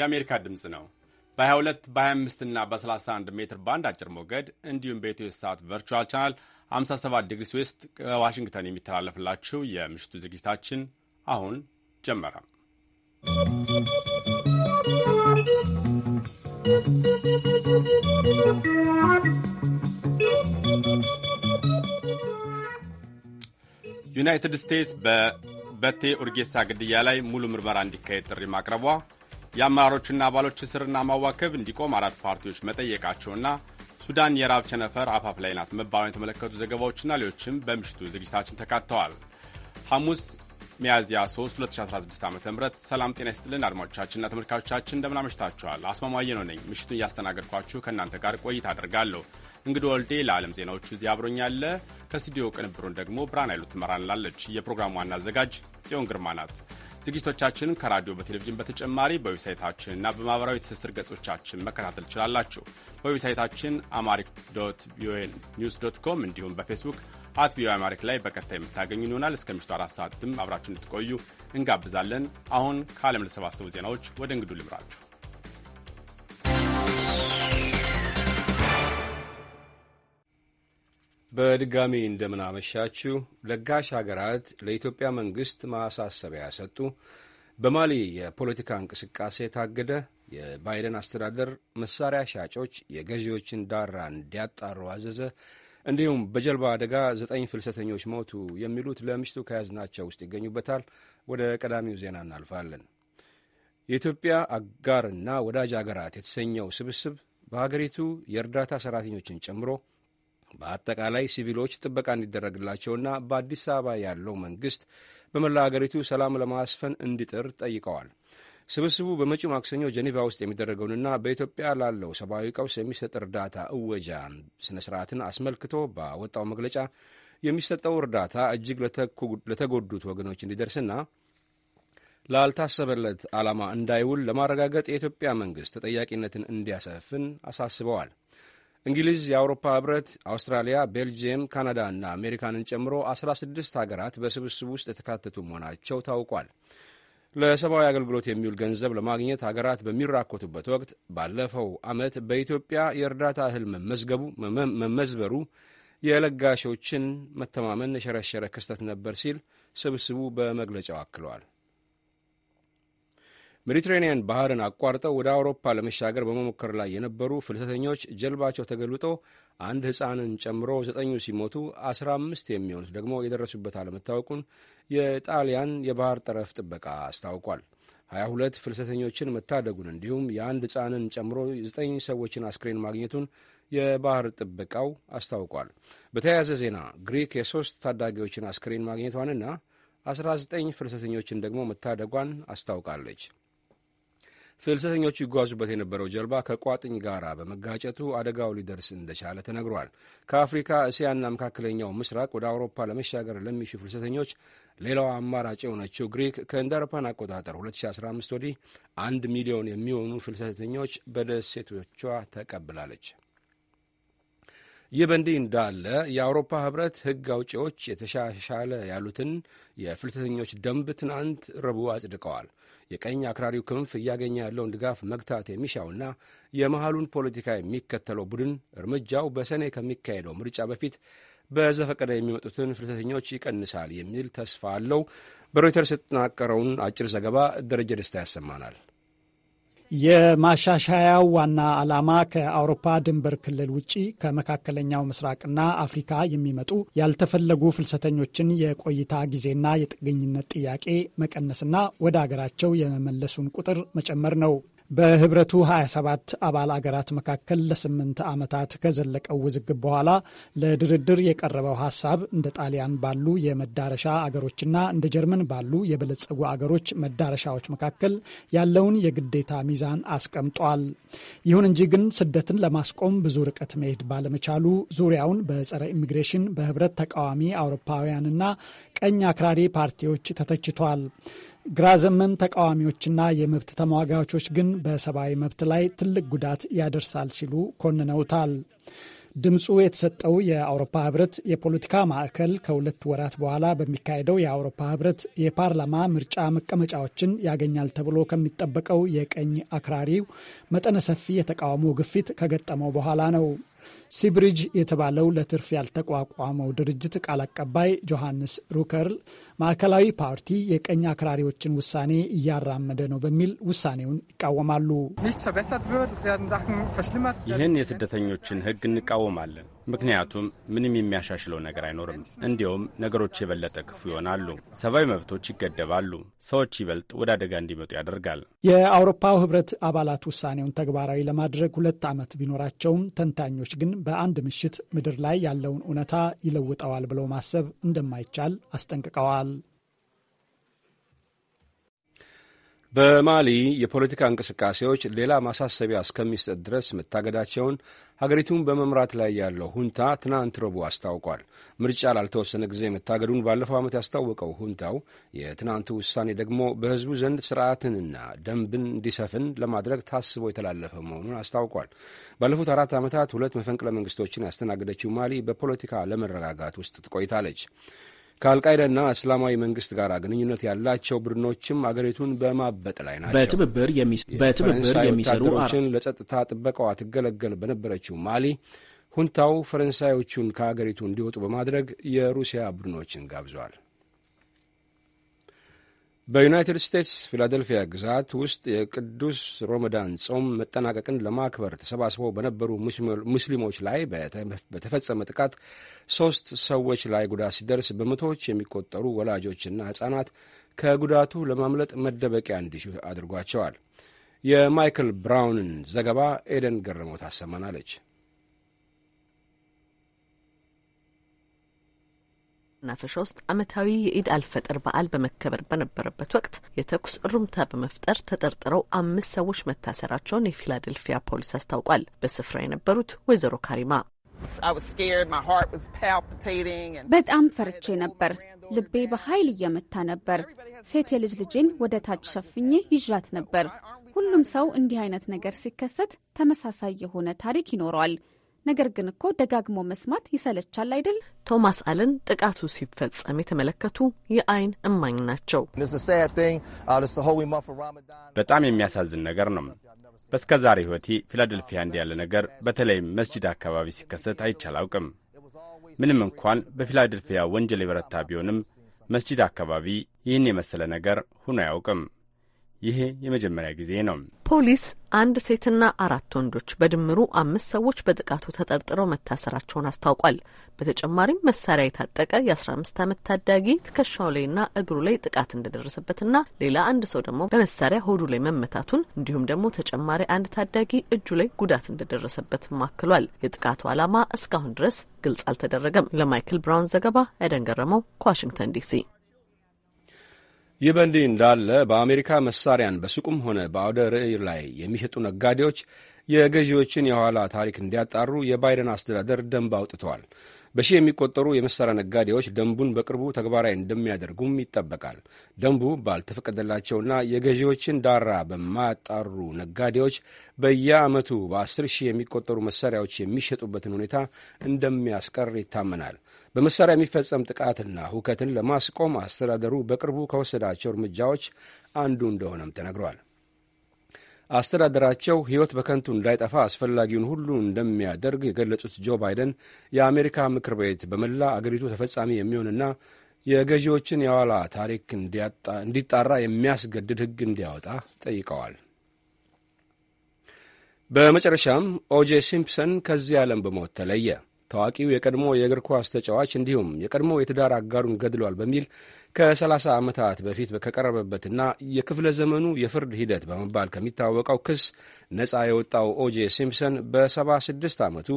የአሜሪካ ድምፅ ነው። በ22 በ25 እና በ31 ሜትር ባንድ አጭር ሞገድ እንዲሁም በኢትዮ ሰዓት ቨርቹዋል ቻናል 57 ዲግሪ ስዌስት ከዋሽንግተን የሚተላለፍላችሁ የምሽቱ ዝግጅታችን አሁን ጀመረ። ዩናይትድ ስቴትስ በበቴ ኡርጌሳ ግድያ ላይ ሙሉ ምርመራ እንዲካሄድ ጥሪ ማቅረቧ የአመራሮችና አባሎች እስርና ማዋከብ እንዲቆም አራት ፓርቲዎች መጠየቃቸውና ሱዳን የራብ ቸነፈር አፋፍ ላይ ናት መባሉን የተመለከቱ ዘገባዎችና ሌሎችም በምሽቱ ዝግጅታችን ተካተዋል። ሐሙስ ሚያዝያ 3 2016 ዓ ም ሰላም ጤና ይስጥልን አድማጮቻችንና ተመልካቾቻችን እንደምናመሽታችኋል። አስማማየ ነው ነኝ ምሽቱን እያስተናገድኳችሁ ከእናንተ ጋር ቆይታ አደርጋለሁ። እንግዲ ወልዴ ለዓለም ዜናዎቹ እዚህ አብሮኛለ። ከስቱዲዮ ቅንብሩን ደግሞ ብርሃን ኃይሉ ትመራንላለች። የፕሮግራሙ ዋና አዘጋጅ ጽዮን ግርማ ናት። ዝግጅቶቻችንን ከራዲዮ በቴሌቪዥን በተጨማሪ እና በማኅበራዊ ትስስር ገጾቻችን መከታተል ትችላላችሁ። በዌብሳይታችን አማሪክ ዶት ቪኦኤ ኒውስ ዶት ኮም እንዲሁም በፌስቡክ አት ቪኦኤ አማሪክ ላይ በቀጥታ የምታገኙ ይሆናል። እስከ ምሽቱ አራት ሰዓትም አብራችሁ እንድትቆዩ እንጋብዛለን። አሁን ከዓለም ዜናዎች ወደ እንግዱ ልምራችሁ። በድጋሚ እንደምናመሻችው ለጋሽ ሀገራት ለኢትዮጵያ መንግስት ማሳሰቢያ ሰጡ። በማሊ የፖለቲካ እንቅስቃሴ ታገደ። የባይደን አስተዳደር መሳሪያ ሻጮች የገዢዎችን ዳራ እንዲያጣሩ አዘዘ። እንዲሁም በጀልባ አደጋ ዘጠኝ ፍልሰተኞች ሞቱ። የሚሉት ለምሽቱ ከያዝናቸው ውስጥ ይገኙበታል። ወደ ቀዳሚው ዜና እናልፋለን። የኢትዮጵያ አጋርና ወዳጅ አገራት የተሰኘው ስብስብ በሀገሪቱ የእርዳታ ሰራተኞችን ጨምሮ በአጠቃላይ ሲቪሎች ጥበቃ እንዲደረግላቸውና በአዲስ አበባ ያለው መንግስት በመላ አገሪቱ ሰላም ለማስፈን እንዲጥር ጠይቀዋል። ስብስቡ በመጪው ማክሰኞ ጀኔቫ ውስጥ የሚደረገውንና በኢትዮጵያ ላለው ሰብአዊ ቀውስ የሚሰጥ እርዳታ እወጃ ስነ ስርዓትን አስመልክቶ ባወጣው መግለጫ የሚሰጠው እርዳታ እጅግ ለተጎዱት ወገኖች እንዲደርስና ላልታሰበለት ዓላማ እንዳይውል ለማረጋገጥ የኢትዮጵያ መንግሥት ተጠያቂነትን እንዲያሰፍን አሳስበዋል። እንግሊዝ፣ የአውሮፓ ህብረት፣ አውስትራሊያ፣ ቤልጅየም፣ ካናዳ እና አሜሪካንን ጨምሮ 16 ሀገራት በስብስብ ውስጥ የተካተቱ መሆናቸው ታውቋል። ለሰብአዊ አገልግሎት የሚውል ገንዘብ ለማግኘት ሀገራት በሚራኮቱበት ወቅት ባለፈው ዓመት በኢትዮጵያ የእርዳታ እህል መመዝገቡ መመዝበሩ የለጋሾችን መተማመን የሸረሸረ ክስተት ነበር ሲል ስብስቡ በመግለጫው አክለዋል። ሜዲትሬንያን ባህርን አቋርጠው ወደ አውሮፓ ለመሻገር በመሞከር ላይ የነበሩ ፍልሰተኞች ጀልባቸው ተገልብጦ አንድ ሕፃንን ጨምሮ ዘጠኙ ሲሞቱ 15 የሚሆኑት ደግሞ የደረሱበት አለመታወቁን የጣሊያን የባህር ጠረፍ ጥበቃ አስታውቋል። 22 ፍልሰተኞችን መታደጉን እንዲሁም የአንድ ሕፃንን ጨምሮ ዘጠኝ ሰዎችን አስክሬን ማግኘቱን የባህር ጥበቃው አስታውቋል። በተያያዘ ዜና ግሪክ የሶስት ታዳጊዎችን አስክሬን ማግኘቷንና ዘጠኝ ፍልሰተኞችን ደግሞ መታደጓን አስታውቃለች። ፍልሰተኞቹ ይጓዙበት የነበረው ጀልባ ከቋጥኝ ጋር በመጋጨቱ አደጋው ሊደርስ እንደቻለ ተነግሯል። ከአፍሪካ እስያና መካከለኛው ምስራቅ ወደ አውሮፓ ለመሻገር ለሚሹ ፍልሰተኞች ሌላዋ አማራጭ የሆነችው ግሪክ ከእንደ አውሮፓን አቆጣጠር 2015 ወዲህ አንድ ሚሊዮን የሚሆኑ ፍልሰተኞች በደሴቶቿ ተቀብላለች። ይህ በእንዲህ እንዳለ የአውሮፓ ህብረት ህግ አውጪዎች የተሻሻለ ያሉትን የፍልሰተኞች ደንብ ትናንት ረቡዕ አጽድቀዋል። የቀኝ አክራሪው ክንፍ እያገኘ ያለውን ድጋፍ መግታት የሚሻውና የመሐሉን ፖለቲካ የሚከተለው ቡድን እርምጃው በሰኔ ከሚካሄደው ምርጫ በፊት በዘፈቀደ የሚመጡትን ፍልሰተኞች ይቀንሳል የሚል ተስፋ አለው። በሮይተርስ የተጠናቀረውን አጭር ዘገባ ደረጀ ደስታ ያሰማናል። የማሻሻያው ዋና ዓላማ ከአውሮፓ ድንበር ክልል ውጪ ከመካከለኛው ምስራቅና አፍሪካ የሚመጡ ያልተፈለጉ ፍልሰተኞችን የቆይታ ጊዜና የጥገኝነት ጥያቄ መቀነስና ወደ አገራቸው የመመለሱን ቁጥር መጨመር ነው። በህብረቱ 27 አባል አገራት መካከል ለስምንት ዓመታት ከዘለቀው ውዝግብ በኋላ ለድርድር የቀረበው ሀሳብ እንደ ጣሊያን ባሉ የመዳረሻ አገሮችና እንደ ጀርመን ባሉ የበለጸጉ አገሮች መዳረሻዎች መካከል ያለውን የግዴታ ሚዛን አስቀምጧል። ይሁን እንጂ ግን ስደትን ለማስቆም ብዙ ርቀት መሄድ ባለመቻሉ ዙሪያውን በጸረ ኢሚግሬሽን በህብረት ተቃዋሚ አውሮፓውያንና ቀኝ አክራሪ ፓርቲዎች ተተችቷል። ግራ ዘመን ተቃዋሚዎችና የመብት ተሟጋቾች ግን በሰብአዊ መብት ላይ ትልቅ ጉዳት ያደርሳል ሲሉ ኮንነውታል። ድምፁ የተሰጠው የአውሮፓ ህብረት የፖለቲካ ማዕከል ከሁለት ወራት በኋላ በሚካሄደው የአውሮፓ ህብረት የፓርላማ ምርጫ መቀመጫዎችን ያገኛል ተብሎ ከሚጠበቀው የቀኝ አክራሪው መጠነ ሰፊ የተቃውሞ ግፊት ከገጠመው በኋላ ነው። ሲብሪጅ የተባለው ለትርፍ ያልተቋቋመው ድርጅት ቃል አቀባይ ጆሐንስ ሩከርል ማዕከላዊ ፓርቲ የቀኝ አክራሪዎችን ውሳኔ እያራመደ ነው በሚል ውሳኔውን ይቃወማሉ። ይህን የስደተኞችን ሕግ እንቃወማለን። ምክንያቱም ምንም የሚያሻሽለው ነገር አይኖርም። እንዲሁም ነገሮች የበለጠ ክፉ ይሆናሉ። ሰብአዊ መብቶች ይገደባሉ። ሰዎች ይበልጥ ወደ አደጋ እንዲመጡ ያደርጋል። የአውሮፓው ህብረት አባላት ውሳኔውን ተግባራዊ ለማድረግ ሁለት ዓመት ቢኖራቸውም ተንታኞች ግን በአንድ ምሽት ምድር ላይ ያለውን እውነታ ይለውጠዋል ብለው ማሰብ እንደማይቻል አስጠንቅቀዋል። በማሊ የፖለቲካ እንቅስቃሴዎች ሌላ ማሳሰቢያ እስከሚሰጥ ድረስ መታገዳቸውን ሀገሪቱን በመምራት ላይ ያለው ሁንታ ትናንት ረቡዕ አስታውቋል። ምርጫ ላልተወሰነ ጊዜ መታገዱን ባለፈው ዓመት ያስታወቀው ሁንታው የትናንቱ ውሳኔ ደግሞ በሕዝቡ ዘንድ ስርዓትንና ደንብን እንዲሰፍን ለማድረግ ታስቦ የተላለፈ መሆኑን አስታውቋል። ባለፉት አራት ዓመታት ሁለት መፈንቅለ መንግስቶችን ያስተናገደችው ማሊ በፖለቲካ ለመረጋጋት ውስጥ ትቆይታለች። ከአልቃይዳና እስላማዊ መንግስት ጋር ግንኙነት ያላቸው ቡድኖችም አገሪቱን በማበጥ ላይ ናቸው። በትብብር የሚሰሩ ወታደሮችን ለጸጥታ ጥበቃዋ ትገለገል በነበረችው ማሊ ሁንታው ፈረንሳዮቹን ከአገሪቱ እንዲወጡ በማድረግ የሩሲያ ቡድኖችን ጋብዟል። በዩናይትድ ስቴትስ ፊላደልፊያ ግዛት ውስጥ የቅዱስ ሮመዳን ጾም መጠናቀቅን ለማክበር ተሰባስበው በነበሩ ሙስሊሞች ላይ በተፈጸመ ጥቃት ሶስት ሰዎች ላይ ጉዳት ሲደርስ በመቶዎች የሚቆጠሩ ወላጆችና ሕፃናት ከጉዳቱ ለማምለጥ መደበቂያ እንዲሹ አድርጓቸዋል። የማይክል ብራውንን ዘገባ ኤደን ገረመው ታሰማናለች። መናፈሻ ውስጥ ዓመታዊ የኢድ አልፈጥር በዓል በመከበር በነበረበት ወቅት የተኩስ ሩምታ በመፍጠር ተጠርጥረው አምስት ሰዎች መታሰራቸውን የፊላደልፊያ ፖሊስ አስታውቋል። በስፍራ የነበሩት ወይዘሮ ካሪማ በጣም ፈርቼ ነበር። ልቤ በኃይል እየመታ ነበር። ሴት የልጅ ልጄን ወደ ታች ሸፍኜ ይዣት ነበር። ሁሉም ሰው እንዲህ አይነት ነገር ሲከሰት ተመሳሳይ የሆነ ታሪክ ይኖረዋል። ነገር ግን እኮ ደጋግሞ መስማት ይሰለቻል አይደል? ቶማስ አለን ጥቃቱ ሲፈጸም የተመለከቱ የአይን እማኝ ናቸው። uh, በጣም የሚያሳዝን ነገር ነው። በስከ ዛሬ ሕይወቴ ፊላደልፊያ እንዲ ያለ ነገር በተለይም መስጂድ አካባቢ ሲከሰት አይቻላውቅም። ምንም እንኳን በፊላደልፊያ ወንጀል የበረታ ቢሆንም መስጂድ አካባቢ ይህን የመሰለ ነገር ሁኖ አያውቅም። ይሄ የመጀመሪያ ጊዜ ነው። ፖሊስ አንድ ሴትና አራት ወንዶች በድምሩ አምስት ሰዎች በጥቃቱ ተጠርጥረው መታሰራቸውን አስታውቋል። በተጨማሪም መሳሪያ የታጠቀ የአስራ አምስት ዓመት ታዳጊ ትከሻው ላይና እግሩ ላይ ጥቃት እንደደረሰበትና ሌላ አንድ ሰው ደግሞ በመሳሪያ ሆዱ ላይ መመታቱን እንዲሁም ደግሞ ተጨማሪ አንድ ታዳጊ እጁ ላይ ጉዳት እንደደረሰበትም አክሏል። የጥቃቱ ዓላማ እስካሁን ድረስ ግልጽ አልተደረገም። ለማይክል ብራውን ዘገባ ያደንገረመው ከዋሽንግተን ዲሲ ይህ በእንዲህ እንዳለ በአሜሪካ መሳሪያን በሱቁም ሆነ በአውደ ርዕይ ላይ የሚሸጡ ነጋዴዎች የገዢዎችን የኋላ ታሪክ እንዲያጣሩ የባይደን አስተዳደር ደንብ አውጥተዋል። በሺህ የሚቆጠሩ የመሳሪያ ነጋዴዎች ደንቡን በቅርቡ ተግባራዊ እንደሚያደርጉም ይጠበቃል። ደንቡ ባልተፈቀደላቸውና የገዢዎችን ዳራ በማያጣሩ ነጋዴዎች በየዓመቱ በአስር ሺህ የሚቆጠሩ መሳሪያዎች የሚሸጡበትን ሁኔታ እንደሚያስቀር ይታመናል። በመሳሪያ የሚፈጸም ጥቃትና ሁከትን ለማስቆም አስተዳደሩ በቅርቡ ከወሰዳቸው እርምጃዎች አንዱ እንደሆነም ተነግሯል። አስተዳደራቸው ሕይወት በከንቱ እንዳይጠፋ አስፈላጊውን ሁሉ እንደሚያደርግ የገለጹት ጆ ባይደን የአሜሪካ ምክር ቤት በመላ አገሪቱ ተፈጻሚ የሚሆንና የገዢዎችን የኋላ ታሪክ እንዲጣራ የሚያስገድድ ሕግ እንዲያወጣ ጠይቀዋል። በመጨረሻም ኦጄ ሲምፕሰን ከዚህ ዓለም በሞት ተለየ። ታዋቂው የቀድሞ የእግር ኳስ ተጫዋች እንዲሁም የቀድሞ የትዳር አጋሩን ገድሏል በሚል ከ30 ዓመታት በፊት ከቀረበበትና የክፍለ ዘመኑ የፍርድ ሂደት በመባል ከሚታወቀው ክስ ነፃ የወጣው ኦጄ ሲምፕሰን በ76 ዓመቱ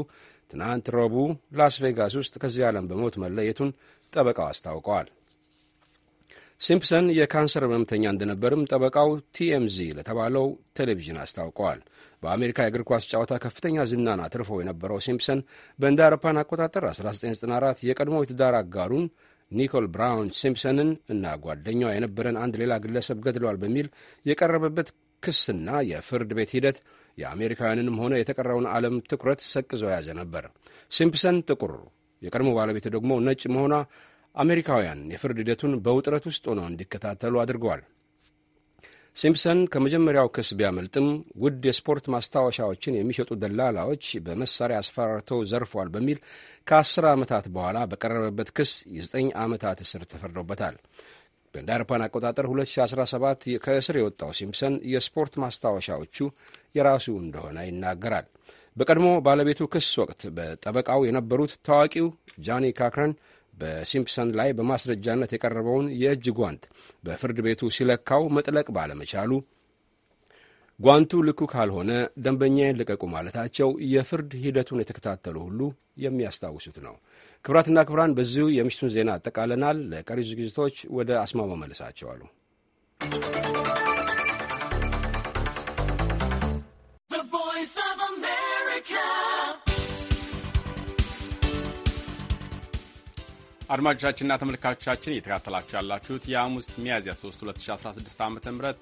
ትናንት ረቡዕ ላስ ቬጋስ ውስጥ ከዚህ ዓለም በሞት መለየቱን ጠበቃው አስታውቀዋል። ሲምፕሰን የካንሰር ህመምተኛ እንደነበርም ጠበቃው ቲኤምዚ ለተባለው ቴሌቪዥን አስታውቀዋል። በአሜሪካ የእግር ኳስ ጨዋታ ከፍተኛ ዝናን አትርፎ የነበረው ሲምፕሰን በእንደ አውሮፓውያን አቆጣጠር 1994 የቀድሞ የትዳር አጋሩን ኒኮል ብራውን ሲምፕሰንን እና ጓደኛዋ የነበረን አንድ ሌላ ግለሰብ ገድለዋል በሚል የቀረበበት ክስና የፍርድ ቤት ሂደት የአሜሪካውያንንም ሆነ የተቀረውን ዓለም ትኩረት ሰቅዞ የያዘ ነበር። ሲምፕሰን ጥቁር፣ የቀድሞ ባለቤቱ ደግሞ ነጭ መሆኗ አሜሪካውያን የፍርድ ሂደቱን በውጥረት ውስጥ ሆነው እንዲከታተሉ አድርገዋል። ሲምፕሰን ከመጀመሪያው ክስ ቢያመልጥም ውድ የስፖርት ማስታወሻዎችን የሚሸጡ ደላላዎች በመሳሪያ አስፈራርተው ዘርፏል በሚል ከአስር ዓመታት በኋላ በቀረበበት ክስ የዘጠኝ ዓመታት እስር ተፈርዶበታል። እንደ አውሮፓውያን አቆጣጠር 2017 ከእስር የወጣው ሲምፕሰን የስፖርት ማስታወሻዎቹ የራሱ እንደሆነ ይናገራል። በቀድሞ ባለቤቱ ክስ ወቅት በጠበቃው የነበሩት ታዋቂው ጃኒ ካክረን በሲምፕሰን ላይ በማስረጃነት የቀረበውን የእጅ ጓንት በፍርድ ቤቱ ሲለካው መጥለቅ ባለመቻሉ ጓንቱ ልኩ ካልሆነ ደንበኛዬን ልቀቁ ማለታቸው የፍርድ ሂደቱን የተከታተሉ ሁሉ የሚያስታውሱት ነው። ክብራትና ክብራን፣ በዚሁ የምሽቱን ዜና አጠቃለናል። ለቀሪ ዝግጅቶች ወደ አስማማ you. አድማጮቻችንና ተመልካቾቻችን እየተካተላችሁ ያላችሁት የሐሙስ ሚያዝያ 3 2016 ዓ ም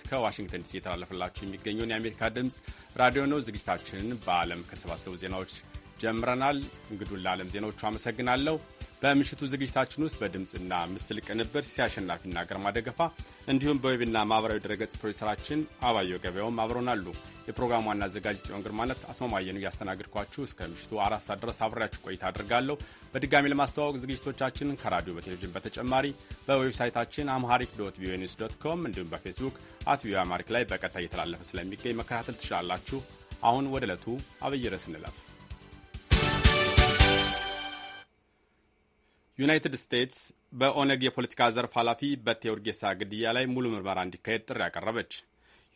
ከዋሽንግተን ዲሲ የተላለፈላችሁ የሚገኘውን የአሜሪካ ድምፅ ራዲዮ ነው። ዝግጅታችንን በዓለም ከሰባሰቡ ዜናዎች ጀምረናል። እንግዱን ለዓለም ዜናዎቹ አመሰግናለሁ። በምሽቱ ዝግጅታችን ውስጥ በድምፅና ምስል ቅንብር ሲያሸናፊና ግርማ ደገፋ እንዲሁም በዌብና ማኅበራዊ ድረገጽ ፕሮዲሰራችን አባየሁ ገበያውም አብረውናሉ። የፕሮግራም ዋና አዘጋጅ ጽዮን ግርማነት አስማማየኑ እያስተናግድኳችሁ እስከ ምሽቱ አራት ሰዓት ድረስ አብሬያችሁ ቆይታ አድርጋለሁ። በድጋሚ ለማስተዋወቅ ዝግጅቶቻችን ከራዲዮ በቴሌቪዥን በተጨማሪ በዌብሳይታችን አምሃሪክ ዶት ቪኦኤ ኒውስ ዶት ኮም እንዲሁም በፌስቡክ አት ቪኦኤ አማሪክ ላይ በቀጥታ እየተላለፈ ስለሚገኝ መከታተል ትችላላችሁ። አሁን ወደ ዕለቱ አብይ ርዕስ እንለፍ። ዩናይትድ ስቴትስ በኦነግ የፖለቲካ ዘርፍ ኃላፊ በቴ ኡርጌሳ ግድያ ላይ ሙሉ ምርመራ እንዲካሄድ ጥሪ ያቀረበች።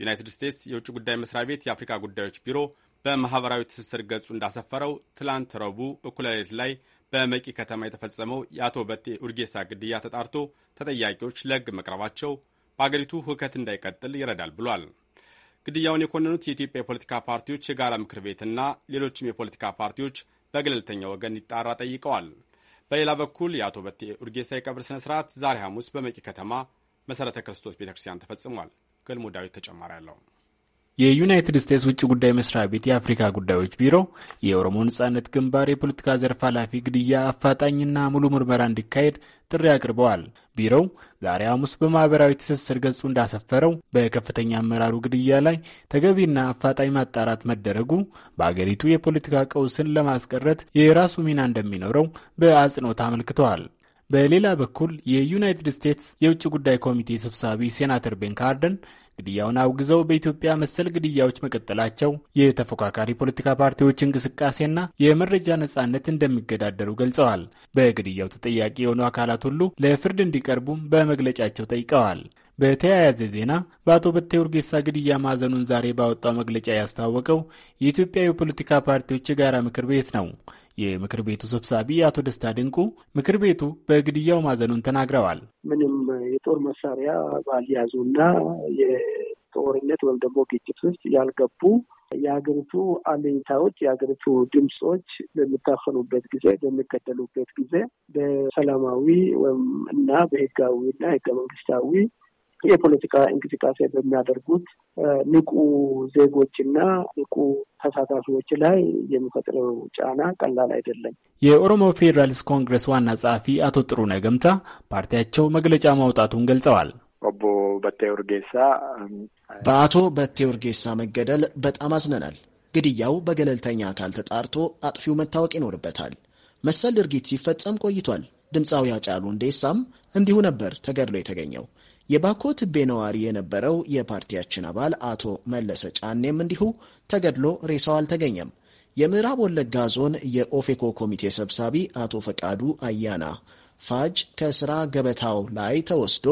ዩናይትድ ስቴትስ የውጭ ጉዳይ መስሪያ ቤት የአፍሪካ ጉዳዮች ቢሮ በማኅበራዊ ትስስር ገጹ እንዳሰፈረው ትላንት ረቡዕ እኩለ ሌሊት ላይ በመቂ ከተማ የተፈጸመው የአቶ በቴ ኡርጌሳ ግድያ ተጣርቶ ተጠያቂዎች ለሕግ መቅረባቸው በአገሪቱ ሁከት እንዳይቀጥል ይረዳል ብሏል። ግድያውን የኮነኑት የኢትዮጵያ የፖለቲካ ፓርቲዎች የጋራ ምክር ቤትና ሌሎችም የፖለቲካ ፓርቲዎች በገለልተኛ ወገን ይጣራ ጠይቀዋል። በሌላ በኩል የአቶ በቴ ኡርጌሳ የቀብር ስነ ስርዓት ዛሬ ሐሙስ በመቂ ከተማ መሠረተ ክርስቶስ ቤተ ክርስቲያን ተፈጽሟል። ገልሞ ዳዊት ተጨማሪ አለው። የዩናይትድ ስቴትስ ውጭ ጉዳይ መስሪያ ቤት የአፍሪካ ጉዳዮች ቢሮ የኦሮሞ ነጻነት ግንባር የፖለቲካ ዘርፍ ኃላፊ ግድያ አፋጣኝና ሙሉ ምርመራ እንዲካሄድ ጥሪ አቅርበዋል። ቢሮው ዛሬ ሐሙስ በማህበራዊ ትስስር ገጹ እንዳሰፈረው በከፍተኛ አመራሩ ግድያ ላይ ተገቢና አፋጣኝ ማጣራት መደረጉ በአገሪቱ የፖለቲካ ቀውስን ለማስቀረት የራሱ ሚና እንደሚኖረው በአጽንኦት አመልክተዋል። በሌላ በኩል የዩናይትድ ስቴትስ የውጭ ጉዳይ ኮሚቴ ሰብሳቢ ሴናተር ቤን ካርደን ግድያውን አውግዘው በኢትዮጵያ መሰል ግድያዎች መቀጠላቸው የተፎካካሪ ፖለቲካ ፓርቲዎች እንቅስቃሴና የመረጃ ነጻነት እንደሚገዳደሩ ገልጸዋል። በግድያው ተጠያቂ የሆኑ አካላት ሁሉ ለፍርድ እንዲቀርቡም በመግለጫቸው ጠይቀዋል። በተያያዘ ዜና በአቶ በቴ ኡርጌሳ ግድያ ማዘኑን ዛሬ ባወጣው መግለጫ ያስታወቀው የኢትዮጵያ የፖለቲካ ፓርቲዎች የጋራ ምክር ቤት ነው። የምክር ቤቱ ሰብሳቢ አቶ ደስታ ድንቁ ምክር ቤቱ በግድያው ማዘኑን ተናግረዋል። ምንም መሳሪያ ባልያዙ እና የጦርነት ወይም ደግሞ ግጭት ውስጥ ያልገቡ የሀገሪቱ አለኝታዎች የሀገሪቱ ድምፆች በሚታፈኑበት ጊዜ በሚገደሉበት ጊዜ በሰላማዊ ወይም እና በህጋዊ እና ህገ መንግስታዊ የፖለቲካ እንቅስቃሴ በሚያደርጉት ንቁ ዜጎችና ንቁ ተሳታፊዎች ላይ የሚፈጥረው ጫና ቀላል አይደለም። የኦሮሞ ፌዴራሊስት ኮንግረስ ዋና ጸሐፊ አቶ ጥሩነ ገምታ ፓርቲያቸው መግለጫ ማውጣቱን ገልጸዋል። ኦቦ በቴ ኡርጌሳ በአቶ በቴ ኡርጌሳ መገደል በጣም አዝነናል። ግድያው በገለልተኛ አካል ተጣርቶ አጥፊው መታወቅ ይኖርበታል። መሰል ድርጊት ሲፈጸም ቆይቷል። ድምፃዊ ያጫሉ እንዴሳም እንዲሁ ነበር ተገድሎ የተገኘው። የባኮ ትቤ ነዋሪ የነበረው የፓርቲያችን አባል አቶ መለሰ ጫኔም እንዲሁ ተገድሎ ሬሳው አልተገኘም። የምዕራብ ወለጋ ዞን የኦፌኮ ኮሚቴ ሰብሳቢ አቶ ፈቃዱ አያና ፋጅ ከስራ ገበታው ላይ ተወስዶ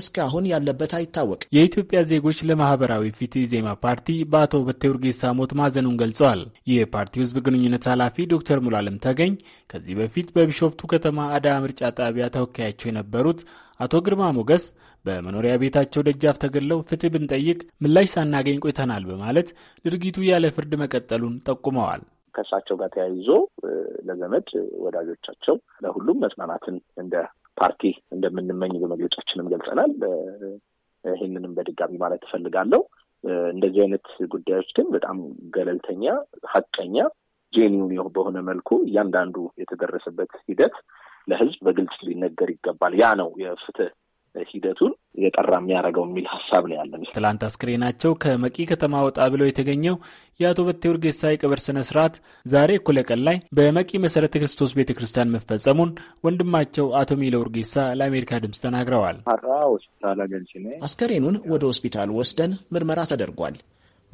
እስካሁን ያለበት አይታወቅ። የኢትዮጵያ ዜጎች ለማህበራዊ ፍትህ ኢዜማ ፓርቲ በአቶ በቴ ኡርጌሳ ሞት ማዘኑን ገልጸዋል። የፓርቲው ህዝብ ግንኙነት ኃላፊ ዶክተር ሙላለም ተገኝ ከዚህ በፊት በቢሾፍቱ ከተማ አዳ ምርጫ ጣቢያ ተወካያቸው የነበሩት አቶ ግርማ ሞገስ በመኖሪያ ቤታቸው ደጃፍ ተገለው ፍትህ ብንጠይቅ ምላሽ ሳናገኝ ቆይተናል በማለት ድርጊቱ ያለ ፍርድ መቀጠሉን ጠቁመዋል። ከእሳቸው ጋር ተያይዞ ለዘመድ ወዳጆቻቸው፣ ለሁሉም መጽናናትን እንደ ፓርቲ እንደምንመኝ በመግለጫችንም ገልጸናል። ይህንንም በድጋሚ ማለት እፈልጋለሁ። እንደዚህ አይነት ጉዳዮች ግን በጣም ገለልተኛ፣ ሀቀኛ፣ ጄኒውን በሆነ መልኩ እያንዳንዱ የተደረሰበት ሂደት ለህዝብ በግልጽ ሊነገር ይገባል። ያ ነው የፍትህ ሂደቱን የጠራ የሚያደርገው የሚል ሀሳብ ነው ያለ። ትላንት አስክሬናቸው ከመቂ ከተማ ወጣ ብለው የተገኘው የአቶ በቴ ኡርጌሳ የቀብር ስነ ስርዓት ዛሬ እኩለ ቀን ላይ በመቂ መሰረተ ክርስቶስ ቤተ ክርስቲያን መፈጸሙን ወንድማቸው አቶ ሚለ ኡርጌሳ ለአሜሪካ ድምፅ ተናግረዋል። አስከሬኑን ወደ ሆስፒታል ወስደን ምርመራ ተደርጓል።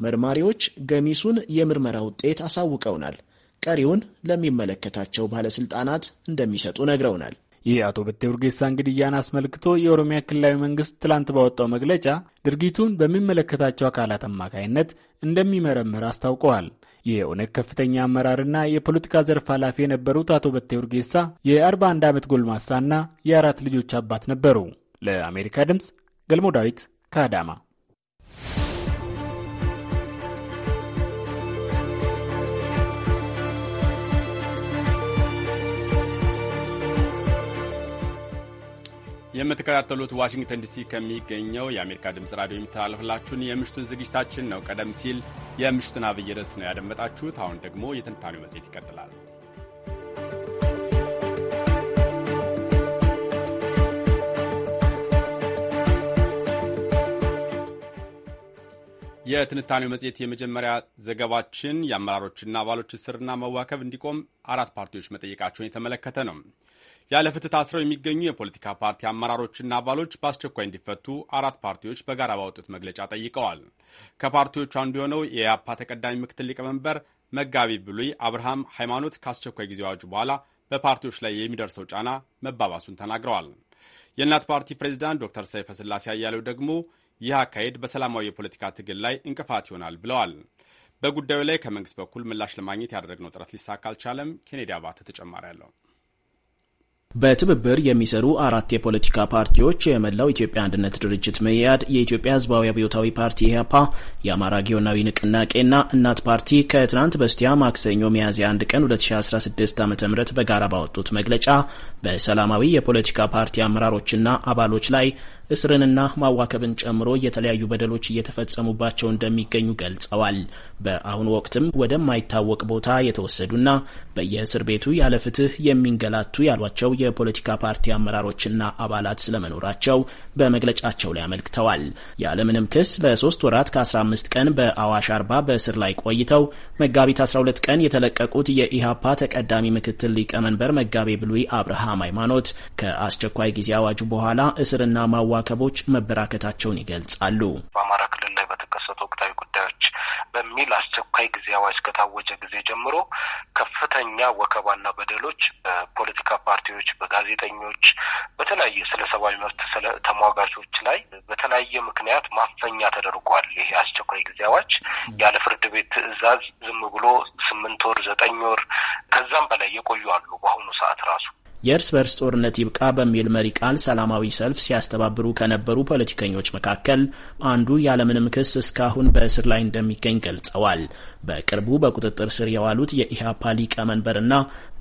መርማሪዎች ገሚሱን የምርመራ ውጤት አሳውቀውናል። ቀሪውን ለሚመለከታቸው ባለስልጣናት እንደሚሰጡ ነግረውናል። ይህ አቶ በቴ ኡርጌሳን ግድያን አስመልክቶ የኦሮሚያ ክልላዊ መንግስት ትላንት ባወጣው መግለጫ ድርጊቱን በሚመለከታቸው አካላት አማካይነት እንደሚመረምር አስታውቀዋል። የኦነግ ከፍተኛ አመራርና የፖለቲካ ዘርፍ ኃላፊ የነበሩት አቶ በቴ ኡርጌሳ የ41 ዓመት ጎልማሳና የአራት ልጆች አባት ነበሩ። ለአሜሪካ ድምፅ ገልሞ ዳዊት ከአዳማ የምትከታተሉት ዋሽንግተን ዲሲ ከሚገኘው የአሜሪካ ድምፅ ራዲዮ የሚተላለፍላችሁን የምሽቱን ዝግጅታችን ነው። ቀደም ሲል የምሽቱን አብይ ርዕስ ነው ያደመጣችሁት። አሁን ደግሞ የትንታኔው መጽሔት ይቀጥላል። የትንታኔው መጽሔት የመጀመሪያ ዘገባችን የአመራሮችና አባሎች እስርና መዋከብ እንዲቆም አራት ፓርቲዎች መጠየቃቸውን የተመለከተ ነው። ያለ ፍትህ ታስረው የሚገኙ የፖለቲካ ፓርቲ አመራሮችና አባሎች በአስቸኳይ እንዲፈቱ አራት ፓርቲዎች በጋራ ባወጡት መግለጫ ጠይቀዋል። ከፓርቲዎቹ አንዱ የሆነው የአፓ ተቀዳሚ ምክትል ሊቀመንበር መጋቢ ብሉይ አብርሃም ሃይማኖት ከአስቸኳይ ጊዜ አዋጁ በኋላ በፓርቲዎች ላይ የሚደርሰው ጫና መባባሱን ተናግረዋል። የእናት ፓርቲ ፕሬዚዳንት ዶክተር ሰይፈ ስላሴ አያሌው ደግሞ ይህ አካሄድ በሰላማዊ የፖለቲካ ትግል ላይ እንቅፋት ይሆናል ብለዋል። በጉዳዩ ላይ ከመንግስት በኩል ምላሽ ለማግኘት ያደረግነው ጥረት ሊሳካ አልቻለም። ኬኔዲ አባተ ተጨማሪ ያለው በትብብር የሚሰሩ አራት የፖለቲካ ፓርቲዎች የመላው ኢትዮጵያ አንድነት ድርጅት መያድ፣ የኢትዮጵያ ህዝባዊ አብዮታዊ ፓርቲ ኢህአፓ፣ የአማራ ጊዮናዊ ንቅናቄና እናት ፓርቲ ከትናንት በስቲያ ማክሰኞ ሚያዝያ 1 ቀን 2016 ዓ ም በጋራ ባወጡት መግለጫ በሰላማዊ የፖለቲካ ፓርቲ አመራሮችና አባሎች ላይ እስርንና ማዋከብን ጨምሮ የተለያዩ በደሎች እየተፈጸሙባቸው እንደሚገኙ ገልጸዋል። በአሁኑ ወቅትም ወደማይታወቅ ቦታ የተወሰዱና በየእስር ቤቱ ያለ ፍትህ የሚንገላቱ ያሏቸው የፖለቲካ ፓርቲ አመራሮችና አባላት ስለመኖራቸው በመግለጫቸው ላይ አመልክተዋል። ያለምንም ክስ ለሶስት ወራት ከ15 ቀን በአዋሽ አርባ በእስር ላይ ቆይተው መጋቢት 12 ቀን የተለቀቁት የኢሃፓ ተቀዳሚ ምክትል ሊቀመንበር መጋቤ ብሉይ አብርሃም ሃይማኖት ከአስቸኳይ ጊዜ አዋጁ በኋላ እስርና ማዋ መዋከቦች መበራከታቸውን ይገልጻሉ። በአማራ ክልል ላይ በተከሰቱ ወቅታዊ ጉዳዮች በሚል አስቸኳይ ጊዜ አዋጅ ከታወጀ ጊዜ ጀምሮ ከፍተኛ ወከባና በደሎች በፖለቲካ ፓርቲዎች፣ በጋዜጠኞች፣ በተለያየ ስለ ሰብአዊ መብት ስለ ተሟጋቾች ላይ በተለያየ ምክንያት ማፈኛ ተደርጓል። ይሄ አስቸኳይ ጊዜ አዋጅ ያለ ፍርድ ቤት ትዕዛዝ ዝም ብሎ ስምንት ወር ዘጠኝ ወር ከዛም በላይ የቆዩ አሉ በአሁኑ ሰዓት ራሱ የእርስ በርስ ጦርነት ይብቃ በሚል መሪ ቃል ሰላማዊ ሰልፍ ሲያስተባብሩ ከነበሩ ፖለቲከኞች መካከል አንዱ ያለምንም ክስ እስካሁን በእስር ላይ እንደሚገኝ ገልጸዋል። በቅርቡ በቁጥጥር ስር የዋሉት የኢህአፓ ሊቀመንበርና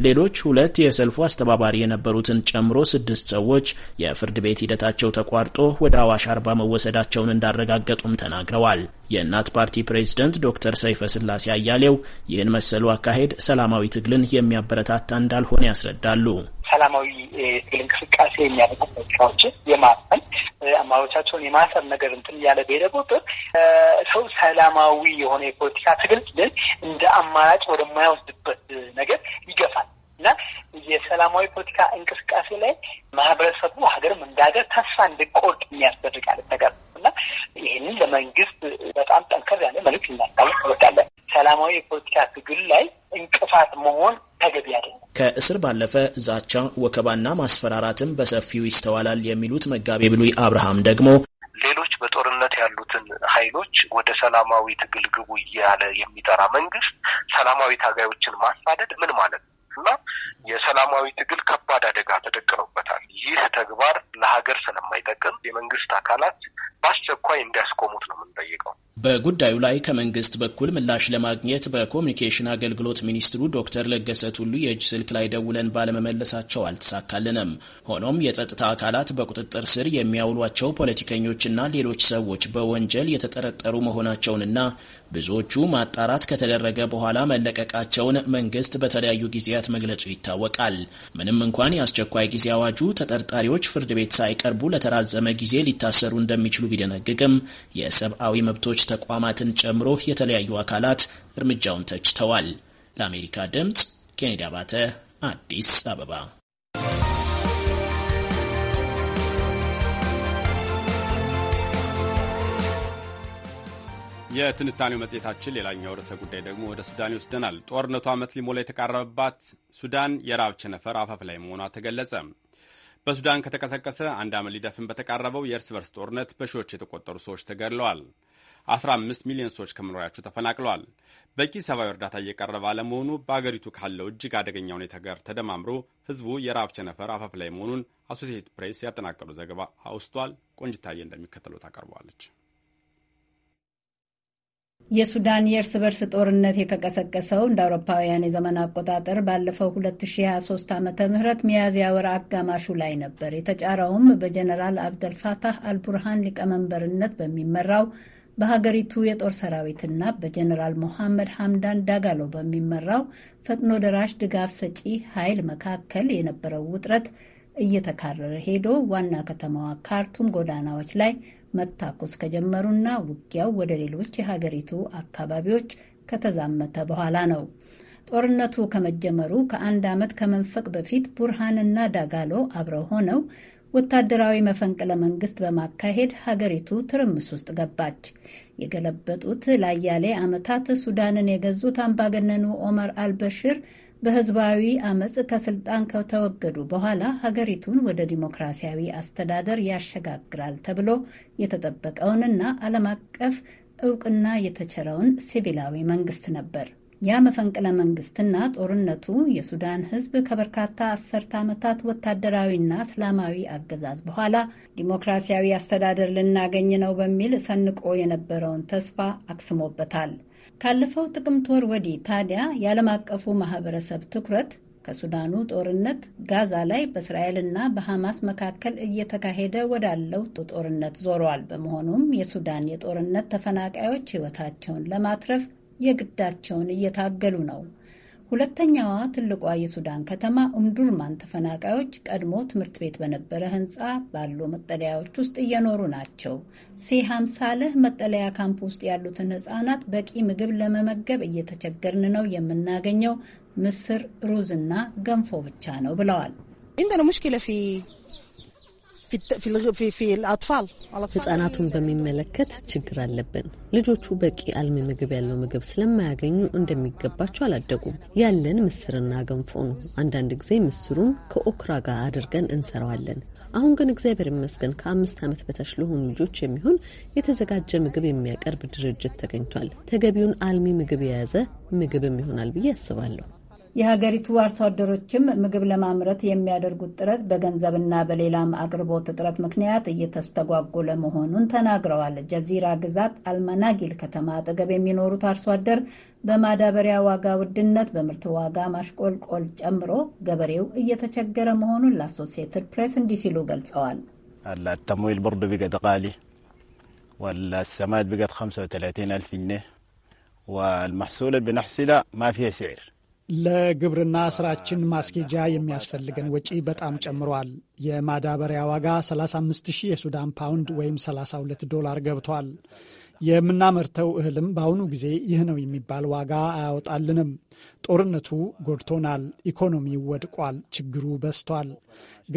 ሌሎች ሁለት የሰልፉ አስተባባሪ የነበሩትን ጨምሮ ስድስት ሰዎች የፍርድ ቤት ሂደታቸው ተቋርጦ ወደ አዋሽ አርባ መወሰዳቸውን እንዳረጋገጡም ተናግረዋል። የእናት ፓርቲ ፕሬዝደንት ዶክተር ሰይፈ ስላሴ አያሌው ይህን መሰሉ አካሄድ ሰላማዊ ትግልን የሚያበረታታ እንዳልሆነ ያስረዳሉ። ሰላማዊ ትግል እንቅስቃሴ የሚያደርጉ ፖለቲካዎችን የማፈን አማሮቻቸውን የማሰር ነገር እንትን እያለ በሄደ ቁጥር ሰው ሰላማዊ የሆነ የፖለቲካ ትግል ግን እንደ አማራጭ ወደማይወስድበት ነገር ይገፋል እና የሰላማዊ ፖለቲካ እንቅስቃሴ ላይ ማህበረሰቡ ሀገርም እንደ ሀገር ተስፋ እንድቆርጥ የሚያስደርግ አይነት ነገር ነው እና ይህንን ለመንግስት በጣም ጠንከር ያለ መልዕክት እናስታውቅ ወዳለን። ሰላማዊ የፖለቲካ ትግል ላይ እንቅፋት መሆን ተገቢ አይደለም። ከእስር ባለፈ ዛቻ፣ ወከባና ማስፈራራትም በሰፊው ይስተዋላል የሚሉት መጋቤ ብሉይ አብርሃም ደግሞ ሌሎች በጦርነት ያሉትን ኃይሎች ወደ ሰላማዊ ትግል ግቡ እያለ የሚጠራ መንግስት ሰላማዊ ታጋዮችን ማሳደድ ምን ማለት ነው እና የሰላማዊ ትግል ከባድ አደጋ ተደቅኖበታል። ይህ ተግባር ለሀገር ስለማይጠቅም የመንግስት አካላት በአስቸኳይ እንዲያስቆሙት ነው የምንጠይቀው። በጉዳዩ ላይ ከመንግስት በኩል ምላሽ ለማግኘት በኮሚኒኬሽን አገልግሎት ሚኒስትሩ ዶክተር ለገሰ ቱሉ የእጅ ስልክ ላይ ደውለን ባለመመለሳቸው አልተሳካልንም። ሆኖም የጸጥታ አካላት በቁጥጥር ስር የሚያውሏቸው ፖለቲከኞችና ሌሎች ሰዎች በወንጀል የተጠረጠሩ መሆናቸውንና ብዙዎቹ ማጣራት ከተደረገ በኋላ መለቀቃቸውን መንግስት በተለያዩ ጊዜያት መግለጹ ይታል ይታወቃል። ምንም እንኳን የአስቸኳይ ጊዜ አዋጁ ተጠርጣሪዎች ፍርድ ቤት ሳይቀርቡ ለተራዘመ ጊዜ ሊታሰሩ እንደሚችሉ ቢደነግግም የሰብአዊ መብቶች ተቋማትን ጨምሮ የተለያዩ አካላት እርምጃውን ተችተዋል። ለአሜሪካ ድምጽ ኬኔዲ አባተ አዲስ አበባ የትንታኔው መጽሔታችን ሌላኛው ርዕሰ ጉዳይ ደግሞ ወደ ሱዳን ይወስደናል። ጦርነቱ ዓመት ሊሞላ የተቃረበባት ሱዳን የራብ ቸነፈር አፋፍ ላይ መሆኗ ተገለጸ። በሱዳን ከተቀሰቀሰ አንድ ዓመት ሊደፍን በተቃረበው የእርስ በርስ ጦርነት በሺዎች የተቆጠሩ ሰዎች ተገድለዋል። 15 ሚሊዮን ሰዎች ከመኖሪያቸው ተፈናቅለዋል። በቂ ሰብአዊ እርዳታ እየቀረበ አለመሆኑ በአገሪቱ ካለው እጅግ አደገኛ ሁኔታ ጋር ተደማምሮ ህዝቡ የራብ ቸነፈር አፋፍ ላይ መሆኑን አሶሴትድ ፕሬስ ያጠናቀሩ ዘገባ አውስቷል። ቆንጅታዬ እንደሚከተለው ታቀርበዋለች። የሱዳን የእርስ በርስ ጦርነት የተቀሰቀሰው እንደ አውሮፓውያን የዘመን አቆጣጠር ባለፈው 2023 ዓ ም ሚያዝያ ወር አጋማሹ ላይ ነበር። የተጫረውም በጀነራል አብደልፋታህ አልቡርሃን ሊቀመንበርነት በሚመራው በሀገሪቱ የጦር ሰራዊትና በጀነራል ሞሐመድ ሐምዳን ዳጋሎ በሚመራው ፈጥኖ ደራሽ ድጋፍ ሰጪ ኃይል መካከል የነበረው ውጥረት እየተካረረ ሄዶ ዋና ከተማዋ ካርቱም ጎዳናዎች ላይ መታኮስ ከጀመሩና ውጊያው ወደ ሌሎች የሀገሪቱ አካባቢዎች ከተዛመተ በኋላ ነው። ጦርነቱ ከመጀመሩ ከአንድ ዓመት ከመንፈቅ በፊት ቡርሃንና ዳጋሎ አብረው ሆነው ወታደራዊ መፈንቅለ መንግስት በማካሄድ ሀገሪቱ ትርምስ ውስጥ ገባች። የገለበጡት ለአያሌ ዓመታት ሱዳንን የገዙት አምባገነኑ ኦመር አልበሽር በህዝባዊ አመፅ ከስልጣን ከተወገዱ በኋላ ሀገሪቱን ወደ ዲሞክራሲያዊ አስተዳደር ያሸጋግራል ተብሎ የተጠበቀውንና ዓለም አቀፍ እውቅና የተቸረውን ሲቪላዊ መንግስት ነበር። ያ መፈንቅለ መንግስትና ጦርነቱ የሱዳን ህዝብ ከበርካታ አስርተ ዓመታት ወታደራዊና እስላማዊ አገዛዝ በኋላ ዲሞክራሲያዊ አስተዳደር ልናገኝ ነው በሚል ሰንቆ የነበረውን ተስፋ አክስሞበታል። ካለፈው ጥቅምት ወር ወዲህ ታዲያ የዓለም አቀፉ ማህበረሰብ ትኩረት ከሱዳኑ ጦርነት ጋዛ ላይ በእስራኤልና በሐማስ መካከል እየተካሄደ ወዳለው ጦርነት ዞረዋል። በመሆኑም የሱዳን የጦርነት ተፈናቃዮች ሕይወታቸውን ለማትረፍ የግዳቸውን እየታገሉ ነው። ሁለተኛዋ ትልቋ የሱዳን ከተማ ኡምዱርማን ተፈናቃዮች ቀድሞ ትምህርት ቤት በነበረ ህንፃ ባሉ መጠለያዎች ውስጥ እየኖሩ ናቸው። ሴሃም ሳልህ መጠለያ ካምፕ ውስጥ ያሉትን ህጻናት በቂ ምግብ ለመመገብ እየተቸገርን ነው፣ የምናገኘው ምስር፣ ሩዝና ገንፎ ብቻ ነው ብለዋል። ህጻናቱን በሚመለከት ችግር አለብን። ልጆቹ በቂ አልሚ ምግብ ያለው ምግብ ስለማያገኙ እንደሚገባቸው አላደጉም። ያለን ምስርና ገንፎ ነው። አንዳንድ ጊዜ ምስሩን ከኦክራ ጋር አድርገን እንሰራዋለን። አሁን ግን እግዚአብሔር ይመስገን ከአምስት ዓመት በታች ለሆኑ ልጆች የሚሆን የተዘጋጀ ምግብ የሚያቀርብ ድርጅት ተገኝቷል። ተገቢውን አልሚ ምግብ የያዘ ምግብም ይሆናል ብዬ አስባለሁ። የሀገሪቱ አርሶ አደሮችም ምግብ ለማምረት የሚያደርጉት ጥረት በገንዘብና በሌላም አቅርቦት እጥረት ምክንያት እየተስተጓጎለ መሆኑን ተናግረዋል። ጀዚራ ግዛት አልመናጊል ከተማ አጠገብ የሚኖሩት አርሶ አደር በማዳበሪያ ዋጋ ውድነት፣ በምርት ዋጋ ማሽቆልቆል ጨምሮ ገበሬው እየተቸገረ መሆኑን ለአሶሲየትድ ፕሬስ እንዲህ ሲሉ ገልጸዋል። التمويل ብርዱ بقت غالي والسماد بقت 35 ألف جنيه والمحصول اللي بنحصله ለግብርና ስራችን ማስኬጃ የሚያስፈልገን ወጪ በጣም ጨምሯል። የማዳበሪያ ዋጋ 350 የሱዳን ፓውንድ ወይም 32 ዶላር ገብቷል። የምናመርተው እህልም በአሁኑ ጊዜ ይህ ነው የሚባል ዋጋ አያወጣልንም። ጦርነቱ ጎድቶናል። ኢኮኖሚው ወድቋል። ችግሩ በስቷል።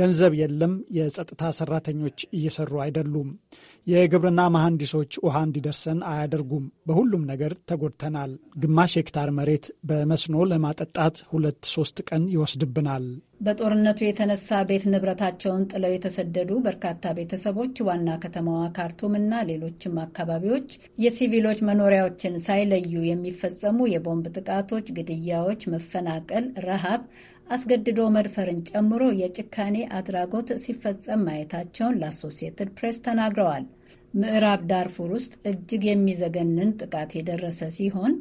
ገንዘብ የለም። የጸጥታ ሰራተኞች እየሰሩ አይደሉም። የግብርና መሐንዲሶች ውሃ እንዲደርሰን አያደርጉም። በሁሉም ነገር ተጎድተናል። ግማሽ ሄክታር መሬት በመስኖ ለማጠጣት ሁለት ሶስት ቀን ይወስድብናል። በጦርነቱ የተነሳ ቤት ንብረታቸውን ጥለው የተሰደዱ በርካታ ቤተሰቦች ዋና ከተማዋ ካርቱም እና ሌሎችም አካባቢዎች የሲቪሎች መኖሪያዎችን ሳይለዩ የሚፈጸሙ የቦምብ ጥቃቶች፣ ግድያዎች፣ መፈናቀል፣ ረሃብ አስገድዶ መድፈርን ጨምሮ የጭካኔ አድራጎት ሲፈጸም ማየታቸውን ለአሶሲየትድ ፕሬስ ተናግረዋል። ምዕራብ ዳርፉር ውስጥ እጅግ የሚዘገንን ጥቃት የደረሰ ሲሆን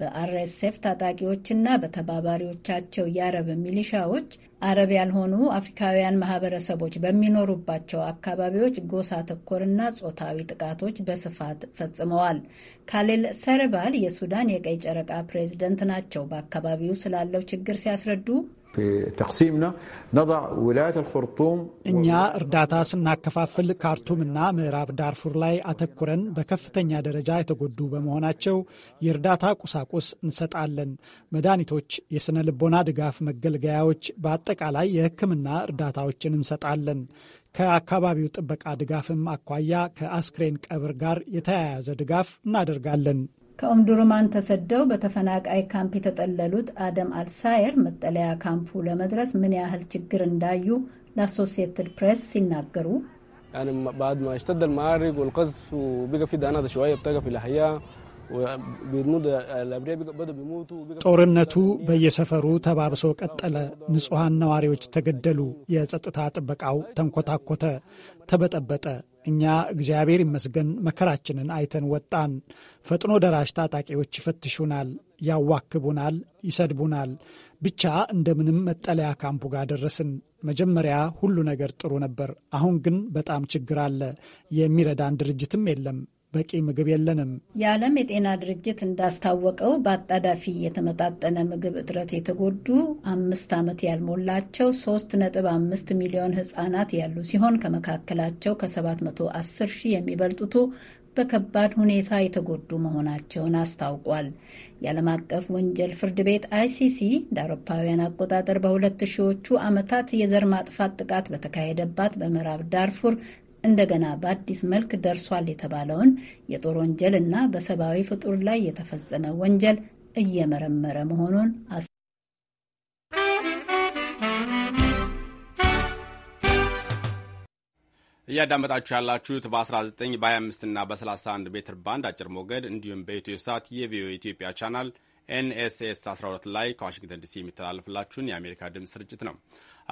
በአርኤስኤፍ ታጣቂዎችና በተባባሪዎቻቸው የአረብ ሚሊሻዎች አረብ ያልሆኑ አፍሪካውያን ማህበረሰቦች በሚኖሩባቸው አካባቢዎች ጎሳ ተኮርና ጾታዊ ጥቃቶች በስፋት ፈጽመዋል። ካሌል ሰርባል የሱዳን የቀይ ጨረቃ ፕሬዝደንት ናቸው። በአካባቢው ስላለው ችግር ሲያስረዱ እኛ እርዳታ ስናከፋፍል ካርቱምና ምዕራብ ዳርፉር ላይ አተኩረን በከፍተኛ ደረጃ የተጎዱ በመሆናቸው የእርዳታ ቁሳቁስ እንሰጣለን። መድኃኒቶች፣ የሥነ ልቦና ድጋፍ መገልገያዎች፣ በአጠቃላይ የሕክምና እርዳታዎችን እንሰጣለን። ከአካባቢው ጥበቃ ድጋፍም አኳያ ከአስክሬን ቀብር ጋር የተያያዘ ድጋፍ እናደርጋለን። ከኦምዱርማን ተሰደው በተፈናቃይ ካምፕ የተጠለሉት አደም አልሳየር መጠለያ ካምፑ ለመድረስ ምን ያህል ችግር እንዳዩ ለአሶሲየትድ ፕሬስ ሲናገሩ بعد ما اشتد المعارك والقذف وبقى في دانات شويه بتلقى في الاحياء ጦርነቱ በየሰፈሩ ተባብሶ ቀጠለ። ንጹሐን ነዋሪዎች ተገደሉ። የጸጥታ ጥበቃው ተንኮታኮተ፣ ተበጠበጠ። እኛ እግዚአብሔር ይመስገን መከራችንን አይተን ወጣን። ፈጥኖ ደራሽ ታጣቂዎች ይፈትሹናል፣ ያዋክቡናል፣ ይሰድቡናል። ብቻ እንደምንም መጠለያ ካምፑ ጋር ደረስን። መጀመሪያ ሁሉ ነገር ጥሩ ነበር። አሁን ግን በጣም ችግር አለ። የሚረዳን ድርጅትም የለም። በቂ ምግብ የለንም። የዓለም የጤና ድርጅት እንዳስታወቀው በአጣዳፊ የተመጣጠነ ምግብ እጥረት የተጎዱ አምስት ዓመት ያልሞላቸው 3.5 ሚሊዮን ሕጻናት ያሉ ሲሆን ከመካከላቸው ከ710 ሺህ የሚበልጡቱ በከባድ ሁኔታ የተጎዱ መሆናቸውን አስታውቋል። የዓለም አቀፍ ወንጀል ፍርድ ቤት አይሲሲ እንደ አውሮፓውያን አቆጣጠር በሁለት ሺዎቹ ዓመታት የዘር ማጥፋት ጥቃት በተካሄደባት በምዕራብ ዳርፉር እንደገና በአዲስ መልክ ደርሷል የተባለውን የጦር ወንጀል እና በሰብአዊ ፍጡር ላይ የተፈጸመ ወንጀል እየመረመረ መሆኑን አስ እያዳመጣችሁ ያላችሁት በ19 በ25 እና በ31 ሜትር ባንድ አጭር ሞገድ እንዲሁም በኢትዮ ሳት የቪኦኤ ኢትዮጵያ ቻናል ኤንኤስኤስ 12 ላይ ከዋሽንግተን ዲሲ የሚተላለፍላችሁን የአሜሪካ ድምፅ ስርጭት ነው።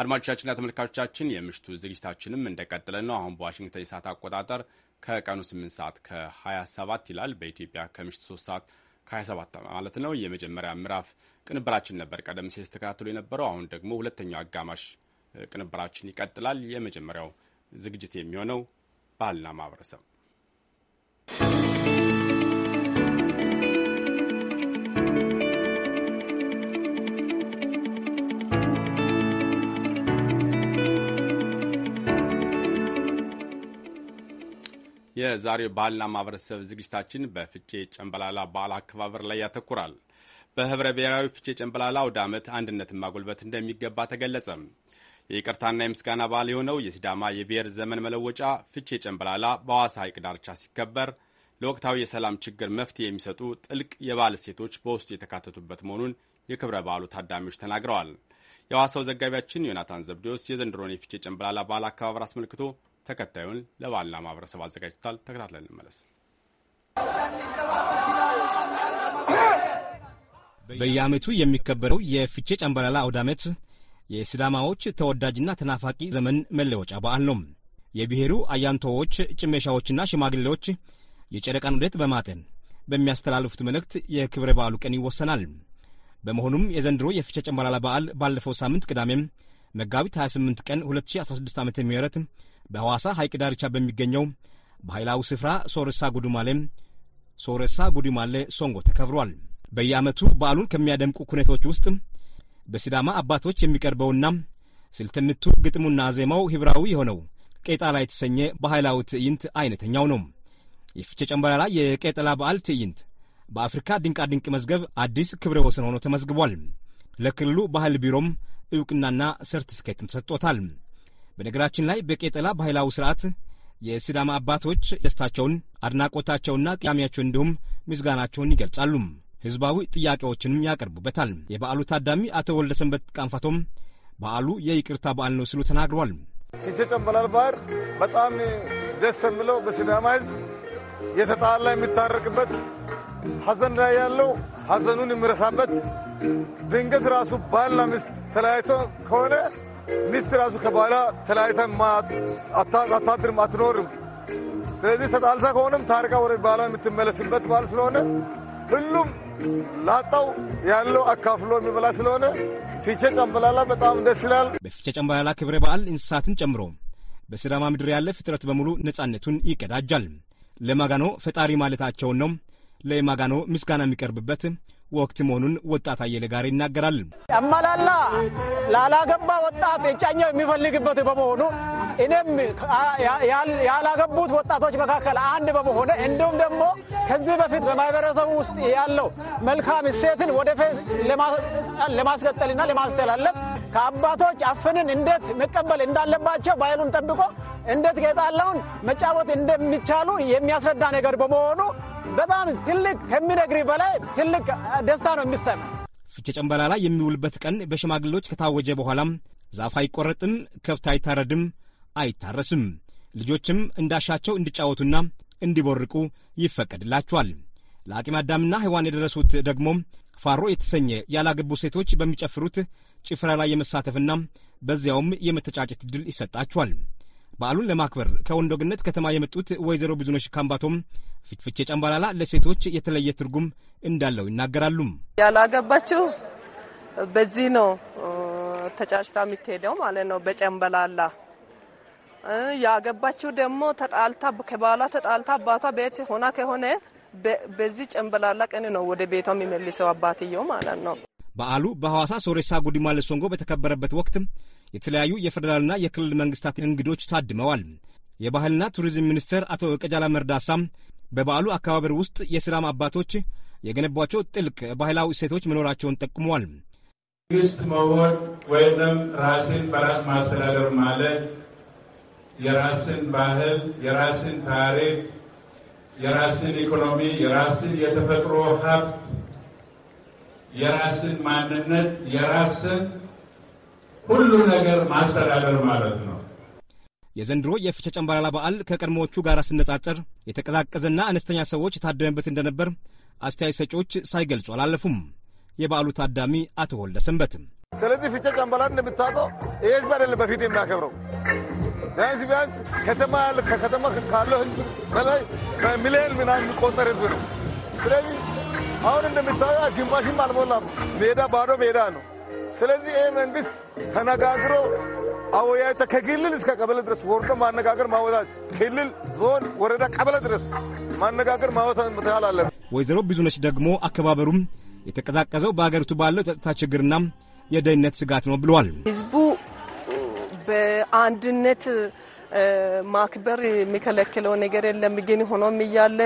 አድማጮቻችንና ተመልካቾቻችን የምሽቱ ዝግጅታችንም እንደቀጠለ ነው። አሁን በዋሽንግተን የሰዓት አቆጣጠር ከቀኑ 8 ሰዓት ከ27 ይላል። በኢትዮጵያ ከምሽቱ 3 ሰዓት ከ27 ማለት ነው። የመጀመሪያ ምዕራፍ ቅንብራችን ነበር ቀደም ሲል ስተከታተሉ የነበረው። አሁን ደግሞ ሁለተኛው አጋማሽ ቅንብራችን ይቀጥላል። የመጀመሪያው ዝግጅት የሚሆነው ባህልና ማህበረሰብ የዛሬው ባህልና ማህበረሰብ ዝግጅታችን በፍቼ ጨንበላላ በዓል አከባበር ላይ ያተኩራል። በህብረ ብሔራዊ ፍቼ ጨንበላላ አውደ ዓመት አንድነትን ማጎልበት እንደሚገባ ተገለጸ። የይቅርታና የምስጋና በዓል የሆነው የሲዳማ የብሔር ዘመን መለወጫ ፍቼ ጨንበላላ በሐዋሳ ሐይቅ ዳርቻ ሲከበር ለወቅታዊ የሰላም ችግር መፍትሄ የሚሰጡ ጥልቅ የባህል እሴቶች በውስጡ የተካተቱበት መሆኑን የክብረ በዓሉ ታዳሚዎች ተናግረዋል። የሐዋሳው ዘጋቢያችን ዮናታን ዘብዴዎስ የዘንድሮን የፍቼ ጨንበላላ በዓል አከባበር አስመልክቶ ተከታዩን ለባህልና ማህበረሰብ አዘጋጅቷል። ተከታትለን እንመለስ። በየዓመቱ የሚከበረው የፍቼ ጨምበላላ አውደ ዓመት የሲዳማዎች ተወዳጅና ተናፋቂ ዘመን መለወጫ በዓል ነው። የብሔሩ አያንቶዎች፣ ጭሜሻዎችና ሽማግሌዎች የጨረቃን ውደት በማጠን በሚያስተላልፉት መልእክት የክብረ በዓሉ ቀን ይወሰናል። በመሆኑም የዘንድሮ የፍቼ ጨምበላላ በዓል ባለፈው ሳምንት ቅዳሜም መጋቢት 28 ቀን 2016 ዓ ም በሐዋሳ ሐይቅ ዳርቻ በሚገኘው ባህላዊ ስፍራ ሶረሳ ጉዱማሌም ሶረሳ ጉዱማሌ ሶንጎ ተከብሯል። በየዓመቱ በዓሉን ከሚያደምቁ ሁኔታዎች ውስጥ በሲዳማ አባቶች የሚቀርበውና ስልትንቱ ግጥሙና ዜማው ሂብራዊ የሆነው ቄጣላ የተሰኘ ባህላዊ ትዕይንት አይነተኛው ነው። የፍቼ ጨምበላላ የቄጠላ በዓል ትዕይንት በአፍሪካ ድንቃድንቅ መዝገብ አዲስ ክብረ ወሰን ሆኖ ተመዝግቧል። ለክልሉ ባህል ቢሮም ዕውቅናና ሰርቲፊኬትም ተሰጥቶታል። በነገራችን ላይ በቄጠላ ባህላዊ ስርዓት የሲዳማ አባቶች ደስታቸውን፣ አድናቆታቸውና ቅያሜያቸው እንዲሁም ምስጋናቸውን ይገልጻሉ። ህዝባዊ ጥያቄዎችንም ያቀርቡበታል። የበዓሉ ታዳሚ አቶ ወልደሰንበት ቃንፋቶም በዓሉ የይቅርታ በዓል ነው ሲሉ ተናግሯል። ኪሴ ጨምበላል ባህር በጣም ደስ የሚለው በሲዳማ ህዝብ የተጣላ የሚታረቅበት ሐዘን ላይ ያለው ሐዘኑን የሚረሳበት ድንገት ራሱ ባልና ሚስት ተለያይቶ ከሆነ ሚስት ራሱ ከባሏ ተለያይተን አታድርም፣ አትኖርም። ስለዚህ ተጣልታ ከሆነም ታርቃ ወደ ባሏ የምትመለስበት ባል ስለሆነ ሁሉም ላጣው ያለው አካፍሎ የሚበላ ስለሆነ ፊቼ ጨምበላላ በጣም ደስ ይላል። በፊቼ ጨምበላላ ክብረ በዓል እንስሳትን ጨምሮ በሲዳማ ምድር ያለ ፍጥረት በሙሉ ነጻነቱን ይቀዳጃል። ለማጋኖ ፈጣሪ ማለታቸውን ነው ለኢማጋኖ ምስጋና የሚቀርብበት ወቅት መሆኑን ወጣት አየለ ጋር ይናገራል። አመላላ ላላገባ ወጣት የጫኛው የሚፈልግበት በመሆኑ እኔም ያላገቡት ወጣቶች መካከል አንድ በመሆነ እንዲሁም ደግሞ ከዚህ በፊት በማህበረሰቡ ውስጥ ያለው መልካም እሴትን ወደፊት ለማስቀጠልና ለማስተላለፍ ከአባቶች አፍንን እንዴት መቀበል እንዳለባቸው ባህሉን ጠብቆ እንዴት ጌጣላውን መጫወት እንደሚቻሉ የሚያስረዳ ነገር በመሆኑ በጣም ትልቅ ከሚነግሪ በላይ ትልቅ ደስታ ነው የሚሰማ። ፍቼ ጨምበላላ የሚውልበት ቀን በሽማግሌዎች ከታወጀ በኋላም ዛፍ አይቆረጥም፣ ከብት አይታረድም፣ አይታረስም። ልጆችም እንዳሻቸው እንዲጫወቱና እንዲቦርቁ ይፈቀድላቸዋል። ለአቂም አዳምና ሔዋን የደረሱት ደግሞ ፋሮ የተሰኘ ያላገቡ ሴቶች በሚጨፍሩት ጭፈራ ላይ የመሳተፍና በዚያውም የመተጫጨት እድል ይሰጣቸዋል። በዓሉን ለማክበር ከወንዶገነት ከተማ የመጡት ወይዘሮ ብዙነሽ ካምባቶም ፍችፍቼ ጨምባላላ ለሴቶች የተለየ ትርጉም እንዳለው ይናገራሉ። ያላገባችው በዚህ ነው ተጫጭታ የምትሄደው ማለት ነው በጨምበላላ። ያገባችው ደግሞ ተጣልታ ከባሏ ተጣልታ አባቷ ቤት ሆና ከሆነ በዚህ ጨምበላላ ቀን ነው ወደ ቤቷ የሚመልሰው አባትየው ማለት ነው። በዓሉ በሐዋሳ ሶሬሳ ጉዲማ ለሶንጎ በተከበረበት ወቅትም የተለያዩ የፌዴራልና የክልል መንግስታት እንግዶች ታድመዋል። የባህልና ቱሪዝም ሚኒስትር አቶ ቀጃላ መርዳሳ በበዓሉ አከባበር ውስጥ የስላም አባቶች የገነቧቸው ጥልቅ ባህላዊ እሴቶች መኖራቸውን ጠቁመዋል። መንግስት መሆን ወይም ራስን በራስ ማስተዳደር ማለት የራስን ባህል፣ የራስን ታሪክ፣ የራስን ኢኮኖሚ፣ የራስን የተፈጥሮ ሀብት የራስን ማንነት የራስን ሁሉ ነገር ማስተዳደር ማለት ነው። የዘንድሮ የፍቼ ጨምባላላ በዓል ከቀድሞዎቹ ጋር ሲነጻጸር የተቀዛቀዘና አነስተኛ ሰዎች የታደመበት እንደነበር አስተያየት ሰጪዎች ሳይገልጹ አላለፉም። የበዓሉ ታዳሚ አቶ ወልደ ሰንበትም ስለዚህ ፍቼ ጨምባላላ እንደምታውቀው ይህ ህዝብ አይደለም በፊት የሚያከብረው ቢያንስ ቢያንስ ከተማ ከከተማ ካለው ህዝብ በላይ በሚሊዮን ምናምን የሚቆጠር ህዝብ ነው። ስለዚህ አሁን እንደሚታየው ግማሽም አልሞላም። ሜዳ ባዶ ሜዳ ነው። ስለዚህ ይህ መንግስት ተነጋግሮ አወያይተ ከክልል እስከ ቀበሌ ድረስ ወርዶ ማነጋገር ማወታት ክልል፣ ዞን፣ ወረዳ፣ ቀበሌ ድረስ ማነጋገር ማወታት መተላል አለ። ወይዘሮ ብዙነች ደግሞ አከባበሩም የተቀዛቀዘው በሀገሪቱ ባለው ጸጥታ ችግርና የደህንነት ስጋት ነው ብለዋል። ህዝቡ በአንድነት ማክበር የሚከለክለው ነገር የለም። ግን ሆኖም እያለ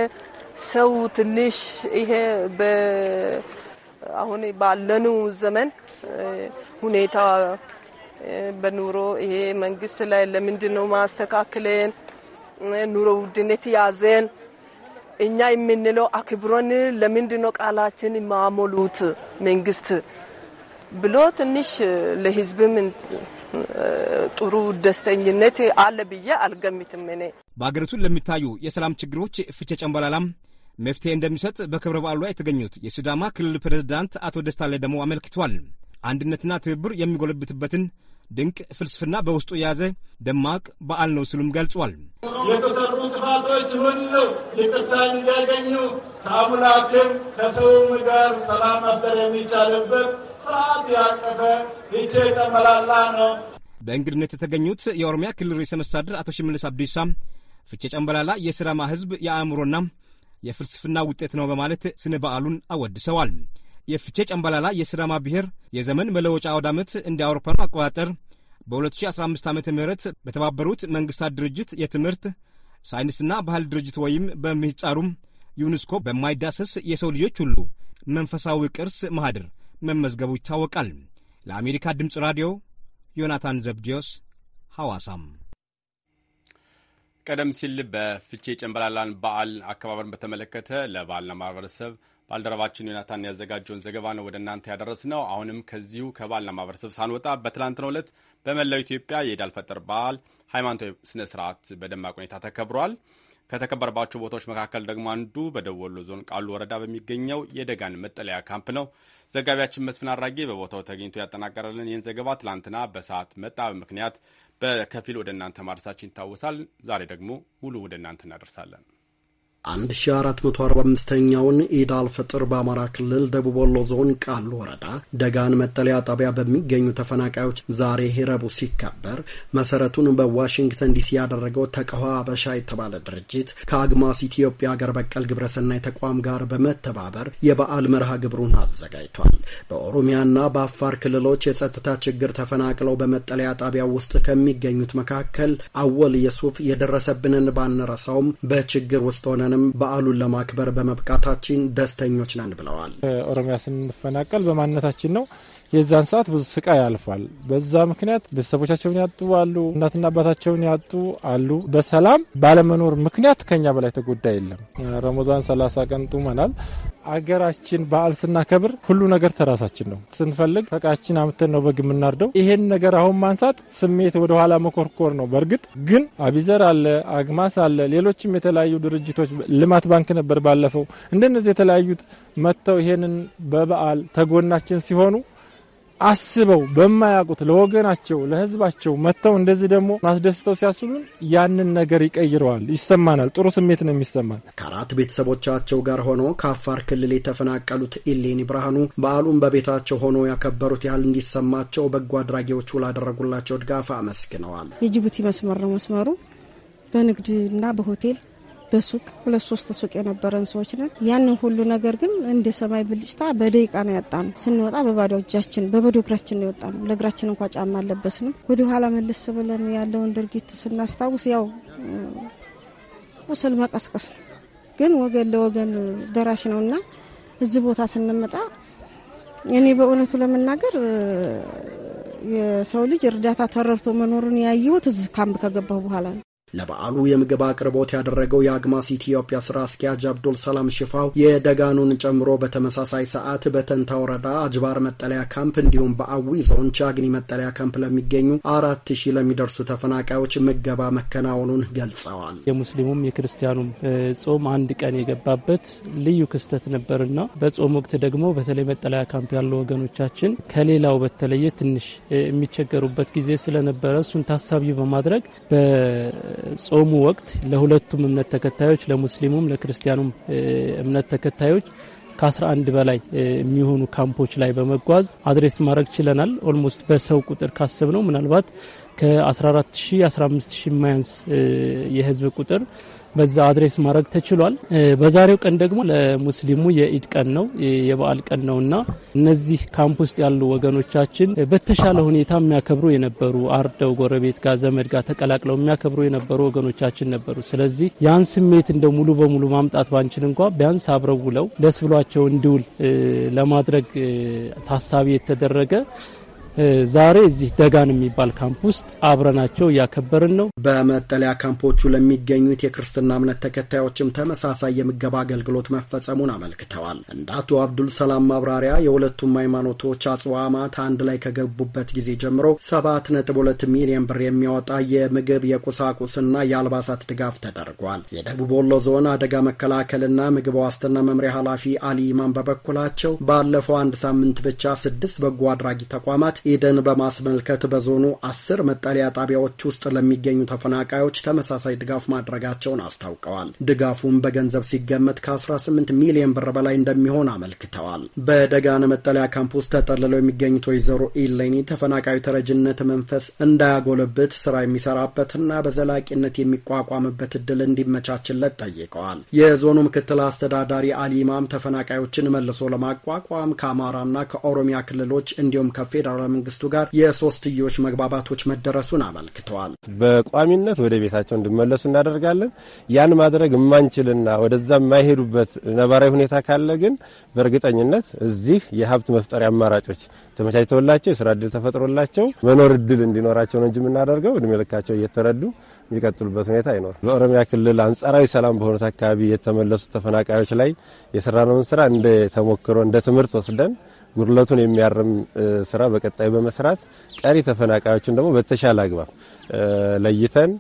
ሰው ትንሽ ይሄ አሁን ባለነው ዘመን ሁኔታ በኑሮ ይሄ መንግስት ላይ ለምንድን ነው ማስተካከለን ኑሮ ውድነት ያዘን እኛ የምንለው አክብሮን ለምንድን ነው ቃላችን ማሞሉት መንግስት ብሎ ትንሽ ለህዝብም ጥሩ ደስተኝነት አለ ብዬ አልገምትም እኔ። በአገሪቱ ለሚታዩ የሰላም ችግሮች ፍቼ ጨምባላላም መፍትሄ እንደሚሰጥ በክብረ በዓሉ ላይ የተገኙት የሲዳማ ክልል ፕሬዝዳንት አቶ ደስታ ሌዳሞ አመልክቷል። አንድነትና ትብብር የሚጎለብትበትን ድንቅ ፍልስፍና በውስጡ የያዘ ደማቅ በዓል ነው ሲሉም ገልጿል። የተሰሩ ጥፋቶች ሁሉ ይቅርታ እንዲያገኙ ከአምላክም ከሰውም ጋር ሰላም መፍጠር የሚቻልበት ሰዓት ያቀፈ ይቼ ጠመላላ ነው። በእንግድነት የተገኙት የኦሮሚያ ክልል ርዕሰ መስተዳድር አቶ ሽመልስ አብዲሳ ፍቼ ጨምበላላ የስራማ ህዝብ የአእምሮና የፍልስፍና ውጤት ነው በማለት ስነ በዓሉን አወድሰዋል። የፍቼ ጨምበላላ የስራማ ብሔር የዘመን መለወጫ አውደ ዓመት እንደ አውሮፓውያኑ አቆጣጠር በ2015 ዓ ም በተባበሩት መንግስታት ድርጅት የትምህርት ሳይንስና ባህል ድርጅት ወይም በምህጻሩም ዩኒስኮ በማይዳሰስ የሰው ልጆች ሁሉ መንፈሳዊ ቅርስ ማህደር መመዝገቡ ይታወቃል። ለአሜሪካ ድምፅ ራዲዮ ዮናታን ዘብዲዮስ ሐዋሳም ቀደም ሲል በፍቼ ጨንበላላን በዓል አከባበርን በተመለከተ ለበዓልና ማህበረሰብ ባልደረባችን ዮናታን ያዘጋጀውን ዘገባ ነው ወደ እናንተ ያደረስ ነው። አሁንም ከዚሁ ከባልና ማህበረሰብ ሳንወጣ በትላንትናው ዕለት በመላው ኢትዮጵያ የኢድ አልፈጥር በዓል ሃይማኖታዊ ስነ ስርዓት በደማቅ ሁኔታ ተከብሯል። ከተከበረባቸው ቦታዎች መካከል ደግሞ አንዱ በደቡብ ወሎ ዞን ቃሉ ወረዳ በሚገኘው የደጋን መጠለያ ካምፕ ነው። ዘጋቢያችን መስፍን አራጌ በቦታው ተገኝቶ ያጠናቀረልን ይህን ዘገባ ትላንትና በሰዓት መጣ ምክንያት በከፊል ወደ እናንተ ማድረሳችን ይታወሳል። ዛሬ ደግሞ ሙሉ ወደ እናንተ እናደርሳለን። 1445ኛውን ኢድ አልፈጥር በአማራ ክልል ደቡብ ወሎ ዞን ቃሉ ወረዳ ደጋን መጠለያ ጣቢያ በሚገኙ ተፈናቃዮች ዛሬ ሄረቡ ሲከበር መሰረቱን በዋሽንግተን ዲሲ ያደረገው ተቃዋ አበሻ የተባለ ድርጅት ከአግማስ ኢትዮጵያ አገር በቀል ግብረሰናይ ተቋም ጋር በመተባበር የበዓል መርሃ ግብሩን አዘጋጅቷል። በኦሮሚያና በአፋር ክልሎች የጸጥታ ችግር ተፈናቅለው በመጠለያ ጣቢያ ውስጥ ከሚገኙት መካከል አወል የሱፍ የደረሰብንን ባንረሳውም በችግር ውስጥ ሆነን አሁንም በዓሉን ለማክበር በመብቃታችን ደስተኞች ነን ብለዋል። ኦሮሚያ ስንፈናቀል በማንነታችን ነው የዛን ሰዓት ብዙ ስቃይ ያልፋል። በዛ ምክንያት ቤተሰቦቻቸውን ያጡ አሉ፣ እናትና አባታቸውን ያጡ አሉ። በሰላም ባለመኖር ምክንያት ከኛ በላይ ተጎዳ የለም። ረመዛን ሰላሳ ቀን ጡመናል። አገራችን በዓል ስናከብር ሁሉ ነገር ተራሳችን ነው። ስንፈልግ ፈቃችን አምተን ነው በግ የምናርደው። ይሄን ነገር አሁን ማንሳት ስሜት ወደኋላ መኮርኮር ነው። በእርግጥ ግን አቢዘር አለ፣ አግማስ አለ፣ ሌሎችም የተለያዩ ድርጅቶች ልማት ባንክ ነበር ባለፈው። እንደነዚህ የተለያዩት መጥተው ይሄንን በበዓል ተጎናችን ሲሆኑ አስበው በማያውቁት ለወገናቸው ለህዝባቸው መጥተው እንደዚህ ደግሞ ማስደስተው ሲያስሉን ያንን ነገር ይቀይረዋል። ይሰማናል፣ ጥሩ ስሜት ነው የሚሰማል። ከአራት ቤተሰቦቻቸው ጋር ሆኖ ከአፋር ክልል የተፈናቀሉት ኢሌኒ ብርሃኑ በዓሉን በቤታቸው ሆኖ ያከበሩት ያህል እንዲሰማቸው በጎ አድራጊዎቹ ላደረጉላቸው ድጋፍ አመስግነዋል። የጅቡቲ መስመር ነው መስመሩ በንግድና በሆቴል በሱቅ ሁለት ሶስት ሱቅ የነበረን ሰዎች ነን። ያንን ሁሉ ነገር ግን እንደ ሰማይ ብልጭታ በደቂቃ ነው ያጣን። ስንወጣ በባዶ እጃችን በባዶ እግራችን ነው የወጣ ለእግራችን እንኳ ጫማ አለበስንም። ወደ ኋላ መለስ ብለን ያለውን ድርጊት ስናስታውስ ያው ቁስል መቀስቀስ ነው፣ ግን ወገን ለወገን ደራሽ ነው እና እዚህ ቦታ ስንመጣ እኔ በእውነቱ ለመናገር የሰው ልጅ እርዳታ ተረርቶ መኖሩን ያየሁት እዚህ ካምፕ ከገባሁ በኋላ ነው። ለበዓሉ የምግብ አቅርቦት ያደረገው የአግማስ ኢትዮጵያ ስራ አስኪያጅ አብዱል ሰላም ሽፋው የደጋኑን ጨምሮ በተመሳሳይ ሰዓት በተንታ ወረዳ አጅባር መጠለያ ካምፕ እንዲሁም በአዊ ዞን ቻግኒ መጠለያ ካምፕ ለሚገኙ አራት ሺህ ለሚደርሱ ተፈናቃዮች ምገባ መከናወኑን ገልጸዋል። የሙስሊሙም የክርስቲያኑም ጾም አንድ ቀን የገባበት ልዩ ክስተት ነበርና በጾም ወቅት ደግሞ በተለይ መጠለያ ካምፕ ያሉ ወገኖቻችን ከሌላው በተለየ ትንሽ የሚቸገሩበት ጊዜ ስለነበረ እሱን ታሳቢ በማድረግ ጾሙ ወቅት ለሁለቱም እምነት ተከታዮች ለሙስሊሙም ለክርስቲያኑም እምነት ተከታዮች ከ11 በላይ የሚሆኑ ካምፖች ላይ በመጓዝ አድሬስ ማድረግ ችለናል። ኦልሞስት በሰው ቁጥር ካስብ ነው ምናልባት ከ14 ሺ 15 ሺ የማያንስ የህዝብ ቁጥር በዛ አድሬስ ማድረግ ተችሏል። በዛሬው ቀን ደግሞ ለሙስሊሙ የኢድ ቀን ነው፣ የበዓል ቀን እና እነዚህ ካምፕ ውስጥ ያሉ ወገኖቻችን በተሻለ ሁኔታ የሚያከብሩ የነበሩ አርደው ጎረቤት ጋር ዘመድ ጋር ተቀላቅለው የሚያከብሩ የነበሩ ወገኖቻችን ነበሩ። ስለዚህ ያን ስሜት እንደ ሙሉ በሙሉ ማምጣት ባንችል እንኳ ቢያንስ አብረው ውለው ደስ ብሏቸው እንዲውል ለማድረግ ታሳቢ የተደረገ ዛሬ እዚህ ደጋን የሚባል ካምፕ ውስጥ አብረናቸው እያከበርን ነው። በመጠለያ ካምፖቹ ለሚገኙት የክርስትና እምነት ተከታዮችም ተመሳሳይ የምገባ አገልግሎት መፈጸሙን አመልክተዋል። እንደ አቶ አብዱል ሰላም ማብራሪያ የሁለቱም ሃይማኖቶች አጽዋማት አንድ ላይ ከገቡበት ጊዜ ጀምሮ ሰባት ነጥብ ሁለት ሚሊዮን ብር የሚያወጣ የምግብ የቁሳቁስና የአልባሳት ድጋፍ ተደርጓል። የደቡብ ወሎ ዞን አደጋ መከላከልና ምግብ ዋስትና መምሪያ ኃላፊ አሊ ኢማን በበኩላቸው ባለፈው አንድ ሳምንት ብቻ ስድስት በጎ አድራጊ ተቋማት ኢድን በማስመልከት በዞኑ አስር መጠለያ ጣቢያዎች ውስጥ ለሚገኙ ተፈናቃዮች ተመሳሳይ ድጋፍ ማድረጋቸውን አስታውቀዋል። ድጋፉም በገንዘብ ሲገመት ከ18 ሚሊዮን ብር በላይ እንደሚሆን አመልክተዋል። በደጋን መጠለያ ካምፕ ውስጥ ተጠልለው የሚገኙት ወይዘሮ ኢሌኒ ተፈናቃዩ ተረጅነት መንፈስ እንዳያጎለብት ስራ የሚሰራበትና በዘላቂነት የሚቋቋምበት እድል እንዲመቻችለት ጠይቀዋል። የዞኑ ምክትል አስተዳዳሪ አሊማም ተፈናቃዮችን መልሶ ለማቋቋም ከአማራና ከኦሮሚያ ክልሎች እንዲሁም ከፌደራል መንግስቱ ጋር የሶስትዮሽ መግባባቶች መደረሱን አመልክተዋል። በቋሚነት ወደ ቤታቸው እንዲመለሱ እናደርጋለን። ያን ማድረግ የማንችልና ወደዛ የማይሄዱበት ነባራዊ ሁኔታ ካለ ግን በእርግጠኝነት እዚህ የሀብት መፍጠሪያ አማራጮች ተመቻችተውላቸው የስራ እድል ተፈጥሮላቸው መኖር እድል እንዲኖራቸው ነው እንጂ የምናደርገው እድሜ ልካቸው እየተረዱ የሚቀጥሉበት ሁኔታ አይኖር። በኦሮሚያ ክልል አንጻራዊ ሰላም በሆኑት አካባቢ የተመለሱ ተፈናቃዮች ላይ የሰራነውን ስራ እንደ ተሞክሮ እንደ ትምህርት ወስደን ጉድለቱን የሚያርም ስራ በቀጣይ በመስራት ቀሪ ተፈናቃዮችን ደግሞ በተሻለ አግባብ ለይተን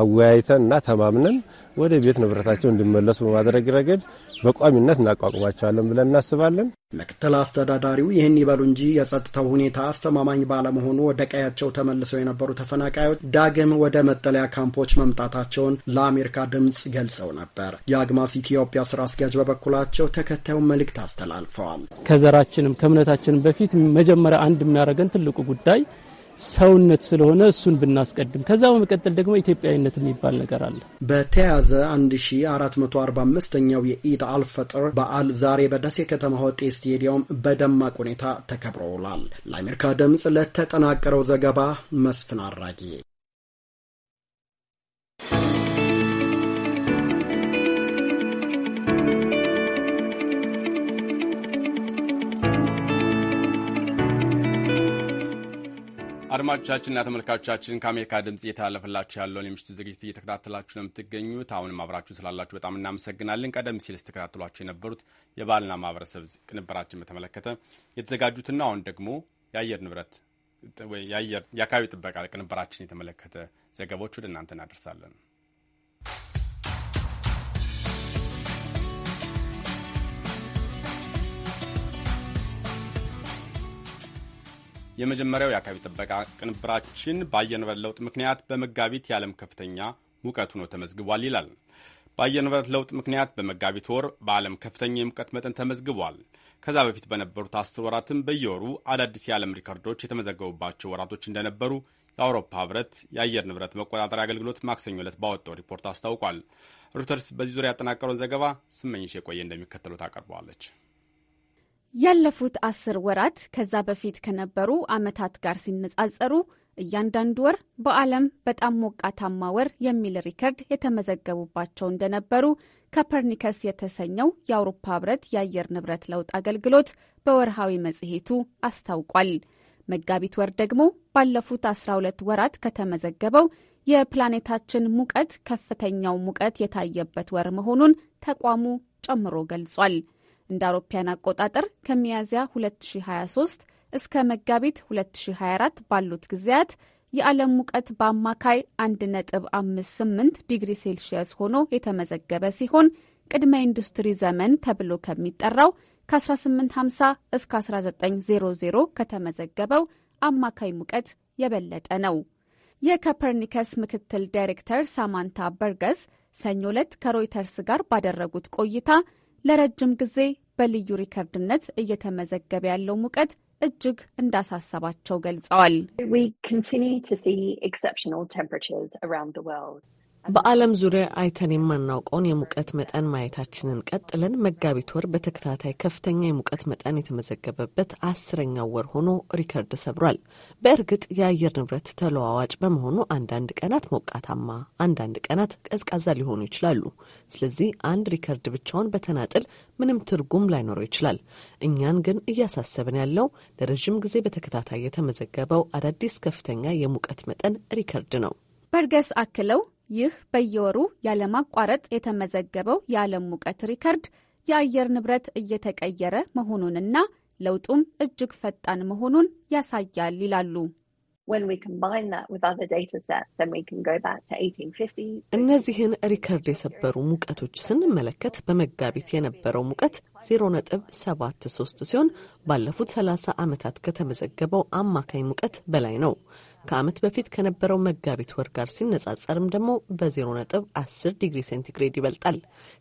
አወያይተን እና ተማምነን ወደ ቤት ንብረታቸው እንዲመለሱ በማድረግ ረገድ በቋሚነት እናቋቁማቸዋለን ብለን እናስባለን። ምክትል አስተዳዳሪው ይህን ይበሉ እንጂ የጸጥታው ሁኔታ አስተማማኝ ባለመሆኑ ወደ ቀያቸው ተመልሰው የነበሩ ተፈናቃዮች ዳግም ወደ መጠለያ ካምፖች መምጣታቸውን ለአሜሪካ ድምፅ ገልጸው ነበር። የአግማስ ኢትዮጵያ ስራ አስኪያጅ በበኩላቸው ተከታዩን መልእክት አስተላልፈዋል። ከዘራችንም ከእምነታችንም በፊት መጀመሪያ አንድ የሚያደርገን ትልቁ ጉዳይ ሰውነት ስለሆነ እሱን ብናስቀድም፣ ከዛ በመቀጠል ደግሞ ኢትዮጵያዊነት የሚባል ነገር አለ። በተያዘ 1445ኛው የኢድ አልፈጥር በዓል ዛሬ በደሴ ከተማ ሆጤ ስቴዲየም በደማቅ ሁኔታ ተከብሮ ውሏል። ለአሜሪካ ድምፅ ለተጠናቀረው ዘገባ መስፍን አራጌ አድማጮቻችንና ተመልካቾቻችን ከአሜሪካ ድምፅ እየተላለፈላችሁ ያለውን የምሽቱ ዝግጅት እየተከታተላችሁ ነው የምትገኙት። አሁንም አብራችሁ ስላላችሁ በጣም እናመሰግናለን። ቀደም ሲል ስተከታተሏቸው የነበሩት የባህልና ማህበረሰብ ቅንብራችን በተመለከተ የተዘጋጁትና አሁን ደግሞ የአየር ንብረት የአካባቢ ጥበቃ ቅንብራችን የተመለከተ ዘገባዎች ወደ እናንተ እናደርሳለን። የመጀመሪያው የአካባቢ ጥበቃ ቅንብራችን በአየር ለውጥ ምክንያት በመጋቢት የዓለም ከፍተኛ ሙቀት ሆኖ ተመዝግቧል ይላል። በአየር ንብረት ለውጥ ምክንያት በመጋቢት ወር በዓለም ከፍተኛ የሙቀት መጠን ተመዝግቧል። ከዛ በፊት በነበሩት አስር ወራትም በየወሩ አዳዲስ የዓለም ሪከርዶች የተመዘገቡባቸው ወራቶች እንደነበሩ የአውሮፓ ህብረት የአየር ንብረት መቆጣጠሪያ አገልግሎት ማክሰኞ ዕለት ባወጣው ሪፖርት አስታውቋል። ሮይተርስ በዚህ ዙሪያ ያጠናቀረውን ዘገባ ስመኝሽ የቆየ እንደሚከተሉት አቀርበዋለች። ያለፉት አስር ወራት ከዛ በፊት ከነበሩ ዓመታት ጋር ሲነጻጸሩ እያንዳንዱ ወር በዓለም በጣም ሞቃታማ ወር የሚል ሪከርድ የተመዘገቡባቸው እንደነበሩ ከፐርኒከስ የተሰኘው የአውሮፓ ሕብረት የአየር ንብረት ለውጥ አገልግሎት በወርሃዊ መጽሔቱ አስታውቋል። መጋቢት ወር ደግሞ ባለፉት 12 ወራት ከተመዘገበው የፕላኔታችን ሙቀት ከፍተኛው ሙቀት የታየበት ወር መሆኑን ተቋሙ ጨምሮ ገልጿል። እንደ አውሮፓያን አቆጣጠር ከሚያዝያ 2023 እስከ መጋቢት 2024 ባሉት ጊዜያት የዓለም ሙቀት በአማካይ 1.58 ዲግሪ ሴልሺየስ ሆኖ የተመዘገበ ሲሆን ቅድመ ኢንዱስትሪ ዘመን ተብሎ ከሚጠራው ከ1850 እስከ 1900 ከተመዘገበው አማካይ ሙቀት የበለጠ ነው። የኮፐርኒከስ ምክትል ዳይሬክተር ሳማንታ በርገስ ሰኞ ዕለት ከሮይተርስ ጋር ባደረጉት ቆይታ ለረጅም ጊዜ በልዩ ሪከርድነት እየተመዘገበ ያለው ሙቀት እጅግ እንዳሳሰባቸው ገልጸዋል። በዓለም ዙሪያ አይተን የማናውቀውን የሙቀት መጠን ማየታችንን ቀጥለን መጋቢት ወር በተከታታይ ከፍተኛ የሙቀት መጠን የተመዘገበበት አስረኛው ወር ሆኖ ሪከርድ ሰብሯል። በእርግጥ የአየር ንብረት ተለዋዋጭ በመሆኑ አንዳንድ ቀናት ሞቃታማ፣ አንዳንድ ቀናት ቀዝቃዛ ሊሆኑ ይችላሉ። ስለዚህ አንድ ሪከርድ ብቻውን በተናጥል ምንም ትርጉም ላይኖረው ይችላል። እኛን ግን እያሳሰብን ያለው ለረዥም ጊዜ በተከታታይ የተመዘገበው አዳዲስ ከፍተኛ የሙቀት መጠን ሪከርድ ነው። በርገስ አክለው ይህ በየወሩ ያለማቋረጥ የተመዘገበው የዓለም ሙቀት ሪከርድ የአየር ንብረት እየተቀየረ መሆኑንና ለውጡም እጅግ ፈጣን መሆኑን ያሳያል ይላሉ። እነዚህን ሪከርድ የሰበሩ ሙቀቶች ስንመለከት በመጋቢት የነበረው ሙቀት 0.73 ሲሆን ባለፉት 30 ዓመታት ከተመዘገበው አማካኝ ሙቀት በላይ ነው። ከዓመት በፊት ከነበረው መጋቢት ወር ጋር ሲነጻጸርም ደግሞ በ0 ነጥብ 10 ዲግሪ ሴንቲግሬድ ይበልጣል።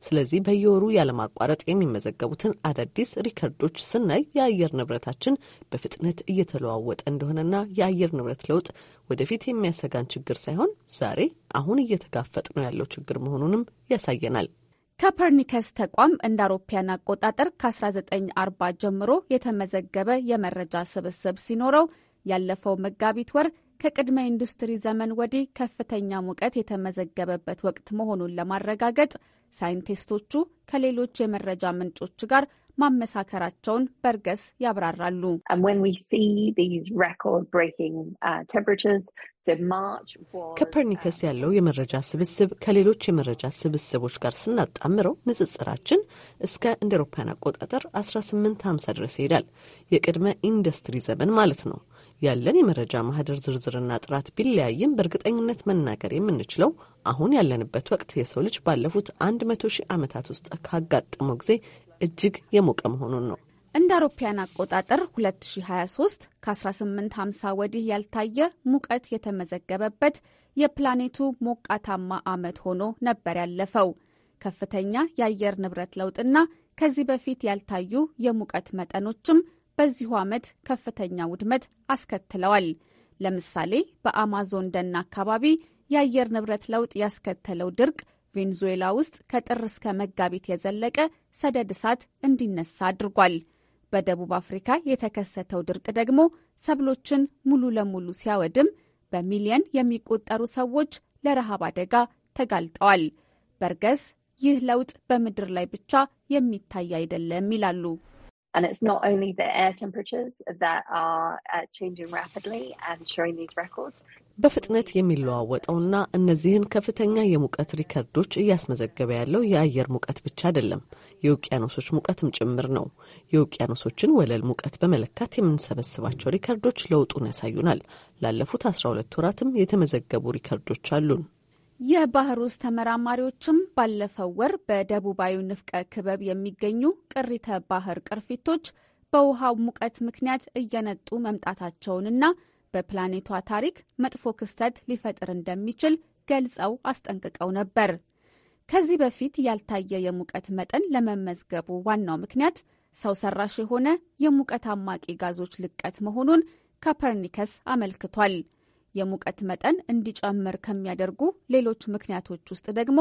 ስለዚህ በየወሩ ያለማቋረጥ የሚመዘገቡትን አዳዲስ ሪከርዶች ስናይ የአየር ንብረታችን በፍጥነት እየተለዋወጠ እንደሆነና የአየር ንብረት ለውጥ ወደፊት የሚያሰጋን ችግር ሳይሆን ዛሬ አሁን እየተጋፈጥ ነው ያለው ችግር መሆኑንም ያሳየናል። ከፐርኒከስ ተቋም እንደ አውሮፓያን አቆጣጠር ከ1940 ጀምሮ የተመዘገበ የመረጃ ስብስብ ሲኖረው ያለፈው መጋቢት ወር ከቅድመ ኢንዱስትሪ ዘመን ወዲህ ከፍተኛ ሙቀት የተመዘገበበት ወቅት መሆኑን ለማረጋገጥ ሳይንቲስቶቹ ከሌሎች የመረጃ ምንጮች ጋር ማመሳከራቸውን በርገስ ያብራራሉ። uh, ኮፐርኒከስ uh, ያለው የመረጃ ስብስብ ከሌሎች የመረጃ ስብስቦች ጋር ስናጣምረው ንጽጽራችን እስከ እንደ አውሮፓውያን አቆጣጠር 1850 ድረስ ይሄዳል። የቅድመ ኢንዱስትሪ ዘመን ማለት ነው። ያለን የመረጃ ማህደር ዝርዝርና ጥራት ቢለያይም በእርግጠኝነት መናገር የምንችለው አሁን ያለንበት ወቅት የሰው ልጅ ባለፉት አንድ መቶ ሺህ ዓመታት ውስጥ ካጋጠመው ጊዜ እጅግ የሞቀ መሆኑን ነው። እንደ አውሮፓያን አቆጣጠር 2023 ከ1850 ወዲህ ያልታየ ሙቀት የተመዘገበበት የፕላኔቱ ሞቃታማ ዓመት ሆኖ ነበር ያለፈው። ከፍተኛ የአየር ንብረት ለውጥና ከዚህ በፊት ያልታዩ የሙቀት መጠኖችም በዚሁ ዓመት ከፍተኛ ውድመት አስከትለዋል። ለምሳሌ በአማዞን ደን አካባቢ የአየር ንብረት ለውጥ ያስከተለው ድርቅ ቬንዙዌላ ውስጥ ከጥር እስከ መጋቢት የዘለቀ ሰደድ እሳት እንዲነሳ አድርጓል። በደቡብ አፍሪካ የተከሰተው ድርቅ ደግሞ ሰብሎችን ሙሉ ለሙሉ ሲያወድም በሚሊየን የሚቆጠሩ ሰዎች ለረሃብ አደጋ ተጋልጠዋል። በርገስ ይህ ለውጥ በምድር ላይ ብቻ የሚታይ አይደለም ይላሉ። And it's not only the air temperatures that are uh, changing rapidly and showing these records. በፍጥነት የሚለዋወጠውና እነዚህን ከፍተኛ የሙቀት ሪከርዶች እያስመዘገበ ያለው የአየር ሙቀት ብቻ አይደለም፣ የውቅያኖሶች ሙቀትም ጭምር ነው። የውቅያኖሶችን ወለል ሙቀት በመለካት የምንሰበስባቸው ሪከርዶች ለውጡን ያሳዩናል። ላለፉት አስራ ሁለት ወራትም የተመዘገቡ ሪከርዶች አሉን። የባህር ውስጥ ተመራማሪዎችም ባለፈው ወር በደቡባዊ ንፍቀ ክበብ የሚገኙ ቅሪተ ባህር ቅርፊቶች በውሃው ሙቀት ምክንያት እየነጡ መምጣታቸውንና በፕላኔቷ ታሪክ መጥፎ ክስተት ሊፈጥር እንደሚችል ገልጸው አስጠንቅቀው ነበር። ከዚህ በፊት ያልታየ የሙቀት መጠን ለመመዝገቡ ዋናው ምክንያት ሰው ሰራሽ የሆነ የሙቀት አማቂ ጋዞች ልቀት መሆኑን ኮፐርኒከስ አመልክቷል። የሙቀት መጠን እንዲጨምር ከሚያደርጉ ሌሎች ምክንያቶች ውስጥ ደግሞ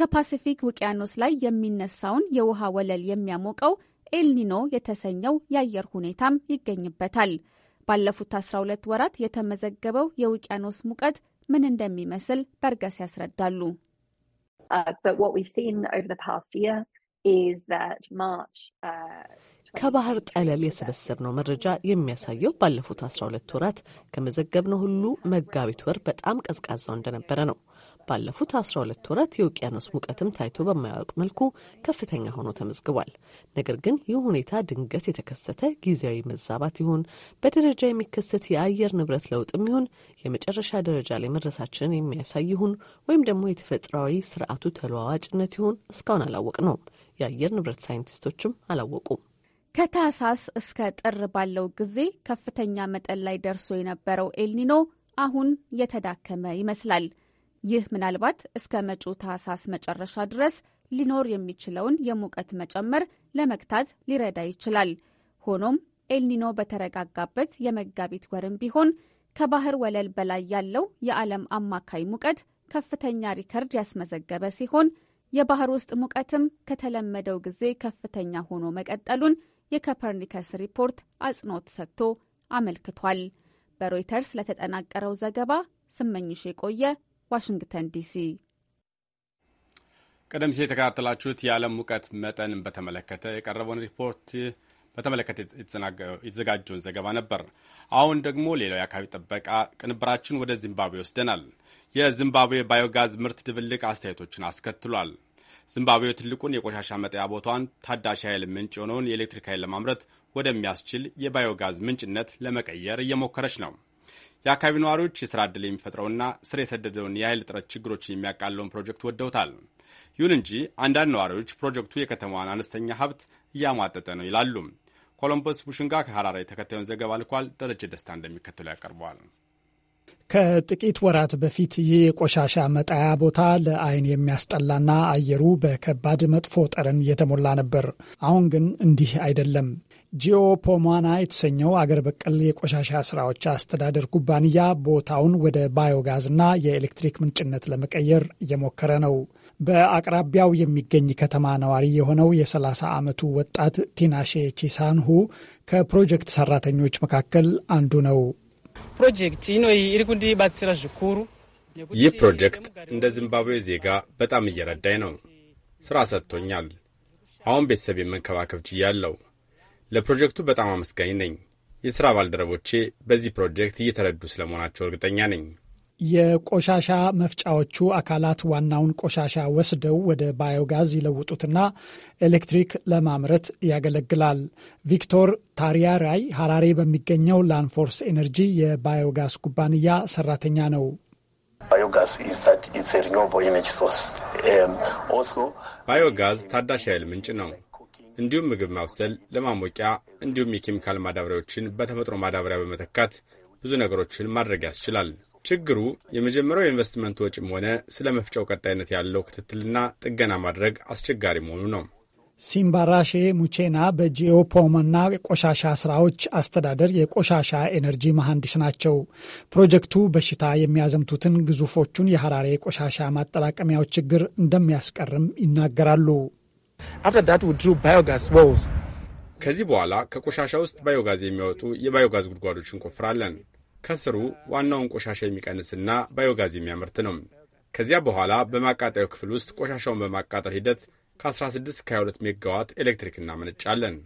ከፓሲፊክ ውቅያኖስ ላይ የሚነሳውን የውሃ ወለል የሚያሞቀው ኤልኒኖ የተሰኘው የአየር ሁኔታም ይገኝበታል። ባለፉት 12 ወራት የተመዘገበው የውቅያኖስ ሙቀት ምን እንደሚመስል በርገስ ያስረዳሉ። uh, ከባህር ጠለል የሰበሰብነው መረጃ የሚያሳየው ባለፉት 12 ወራት ከመዘገብነው ሁሉ መጋቢት ወር በጣም ቀዝቃዛው እንደነበረ ነው። ባለፉት 12 ወራት የውቅያኖስ ሙቀትም ታይቶ በማያውቅ መልኩ ከፍተኛ ሆኖ ተመዝግቧል። ነገር ግን ይህ ሁኔታ ድንገት የተከሰተ ጊዜያዊ መዛባት ይሁን በደረጃ የሚከሰት የአየር ንብረት ለውጥም ይሁን የመጨረሻ ደረጃ ላይ መድረሳችንን የሚያሳይ ይሁን ወይም ደግሞ የተፈጥሯዊ ስርዓቱ ተለዋዋጭነት ይሁን እስካሁን አላወቅ ነው። የአየር ንብረት ሳይንቲስቶችም አላወቁም። ከታህሳስ እስከ ጥር ባለው ጊዜ ከፍተኛ መጠን ላይ ደርሶ የነበረው ኤልኒኖ አሁን የተዳከመ ይመስላል። ይህ ምናልባት እስከ መጪው ታህሳስ መጨረሻ ድረስ ሊኖር የሚችለውን የሙቀት መጨመር ለመግታት ሊረዳ ይችላል። ሆኖም ኤልኒኖ በተረጋጋበት የመጋቢት ወርም ቢሆን ከባህር ወለል በላይ ያለው የዓለም አማካይ ሙቀት ከፍተኛ ሪከርድ ያስመዘገበ ሲሆን የባህር ውስጥ ሙቀትም ከተለመደው ጊዜ ከፍተኛ ሆኖ መቀጠሉን የኮፐርኒከስ ሪፖርት አጽንኦት ሰጥቶ አመልክቷል። በሮይተርስ ለተጠናቀረው ዘገባ ስመኝሽ የቆየ ዋሽንግተን ዲሲ። ቀደም ሲል የተከታተላችሁት የዓለም ሙቀት መጠን በተመለከተ የቀረበውን ሪፖርት በተመለከተ የተዘጋጀውን ዘገባ ነበር። አሁን ደግሞ ሌላው የአካባቢ ጥበቃ ቅንብራችን ወደ ዚምባብዌ ወስደናል። የዚምባብዌ ባዮጋዝ ምርት ድብልቅ አስተያየቶችን አስከትሏል። ዚምባብዌ ትልቁን የቆሻሻ መጣያ ቦታዋን ታዳሽ ኃይል ምንጭ የሆነውን የኤሌክትሪክ ኃይል ለማምረት ወደሚያስችል የባዮጋዝ ምንጭነት ለመቀየር እየሞከረች ነው። የአካባቢ ነዋሪዎች የስራ ዕድል የሚፈጥረውና ስር የሰደደውን የኃይል እጥረት ችግሮችን የሚያቃለውን ፕሮጀክት ወደውታል። ይሁን እንጂ አንዳንድ ነዋሪዎች ፕሮጀክቱ የከተማዋን አነስተኛ ሀብት እያሟጠጠ ነው ይላሉ። ኮሎምበስ ቡሽንጋ ከሐራራ የተከታዩን ዘገባ ልኳል። ደረጀ ደስታ እንደሚከተለው ያቀርበዋል። ከጥቂት ወራት በፊት ይህ የቆሻሻ መጣያ ቦታ ለአይን የሚያስጠላና አየሩ በከባድ መጥፎ ጠረን የተሞላ ነበር። አሁን ግን እንዲህ አይደለም። ጂኦ ፖማና የተሰኘው አገር በቀል የቆሻሻ ስራዎች አስተዳደር ኩባንያ ቦታውን ወደ ባዮጋዝና የኤሌክትሪክ ምንጭነት ለመቀየር እየሞከረ ነው። በአቅራቢያው የሚገኝ ከተማ ነዋሪ የሆነው የ30 ዓመቱ ወጣት ቲናሼ ቺሳንሁ ከፕሮጀክት ሰራተኞች መካከል አንዱ ነው። ፕሮጀክት ይህ ፕሮጀክት እንደ ዚምባብዌ ዜጋ በጣም እየረዳኝ ነው። ሥራ ሰጥቶኛል። አሁን ቤተሰብ የመንከባከብ ችያለሁ። ለፕሮጀክቱ በጣም አመስጋኝ ነኝ። የሥራ ባልደረቦቼ በዚህ ፕሮጀክት እየተረዱ ስለመሆናቸው እርግጠኛ ነኝ። የቆሻሻ መፍጫዎቹ አካላት ዋናውን ቆሻሻ ወስደው ወደ ባዮጋዝ ይለውጡትና ኤሌክትሪክ ለማምረት ያገለግላል። ቪክቶር ታሪያራይ ሐራሬ በሚገኘው ላንፎርስ ኤነርጂ የባዮጋዝ ኩባንያ ሰራተኛ ነው። um, ባዮጋዝ ታዳሽ ኃይል ምንጭ ነው። እንዲሁም ምግብ ማብሰል፣ ለማሞቂያ እንዲሁም የኬሚካል ማዳበሪያዎችን በተፈጥሮ ማዳበሪያ በመተካት ብዙ ነገሮችን ማድረግ ያስችላል። ችግሩ የመጀመሪያው የኢንቨስትመንት ወጪም ሆነ ስለ መፍጫው ቀጣይነት ያለው ክትትልና ጥገና ማድረግ አስቸጋሪ መሆኑ ነው። ሲምባራሼ ሙቼና በጂኦፖምና ቆሻሻ ስራዎች አስተዳደር የቆሻሻ ኤነርጂ መሐንዲስ ናቸው። ፕሮጀክቱ በሽታ የሚያዘምቱትን ግዙፎቹን የሐራሬ ቆሻሻ ማጠራቀሚያዎች ችግር እንደሚያስቀርም ይናገራሉ። ከዚህ በኋላ ከቆሻሻ ውስጥ ባዮጋዝ የሚያወጡ የባዮጋዝ ጉድጓዶች እንቆፍራለን። ከስሩ ዋናውን ቆሻሻ የሚቀንስና ባዮጋዝ የሚያመርት ነው። ከዚያ በኋላ በማቃጠያው ክፍል ውስጥ ቆሻሻውን በማቃጠል ሂደት ከ16 እስከ 22 ሜጋዋት ኤሌክትሪክ እናመነጫለን።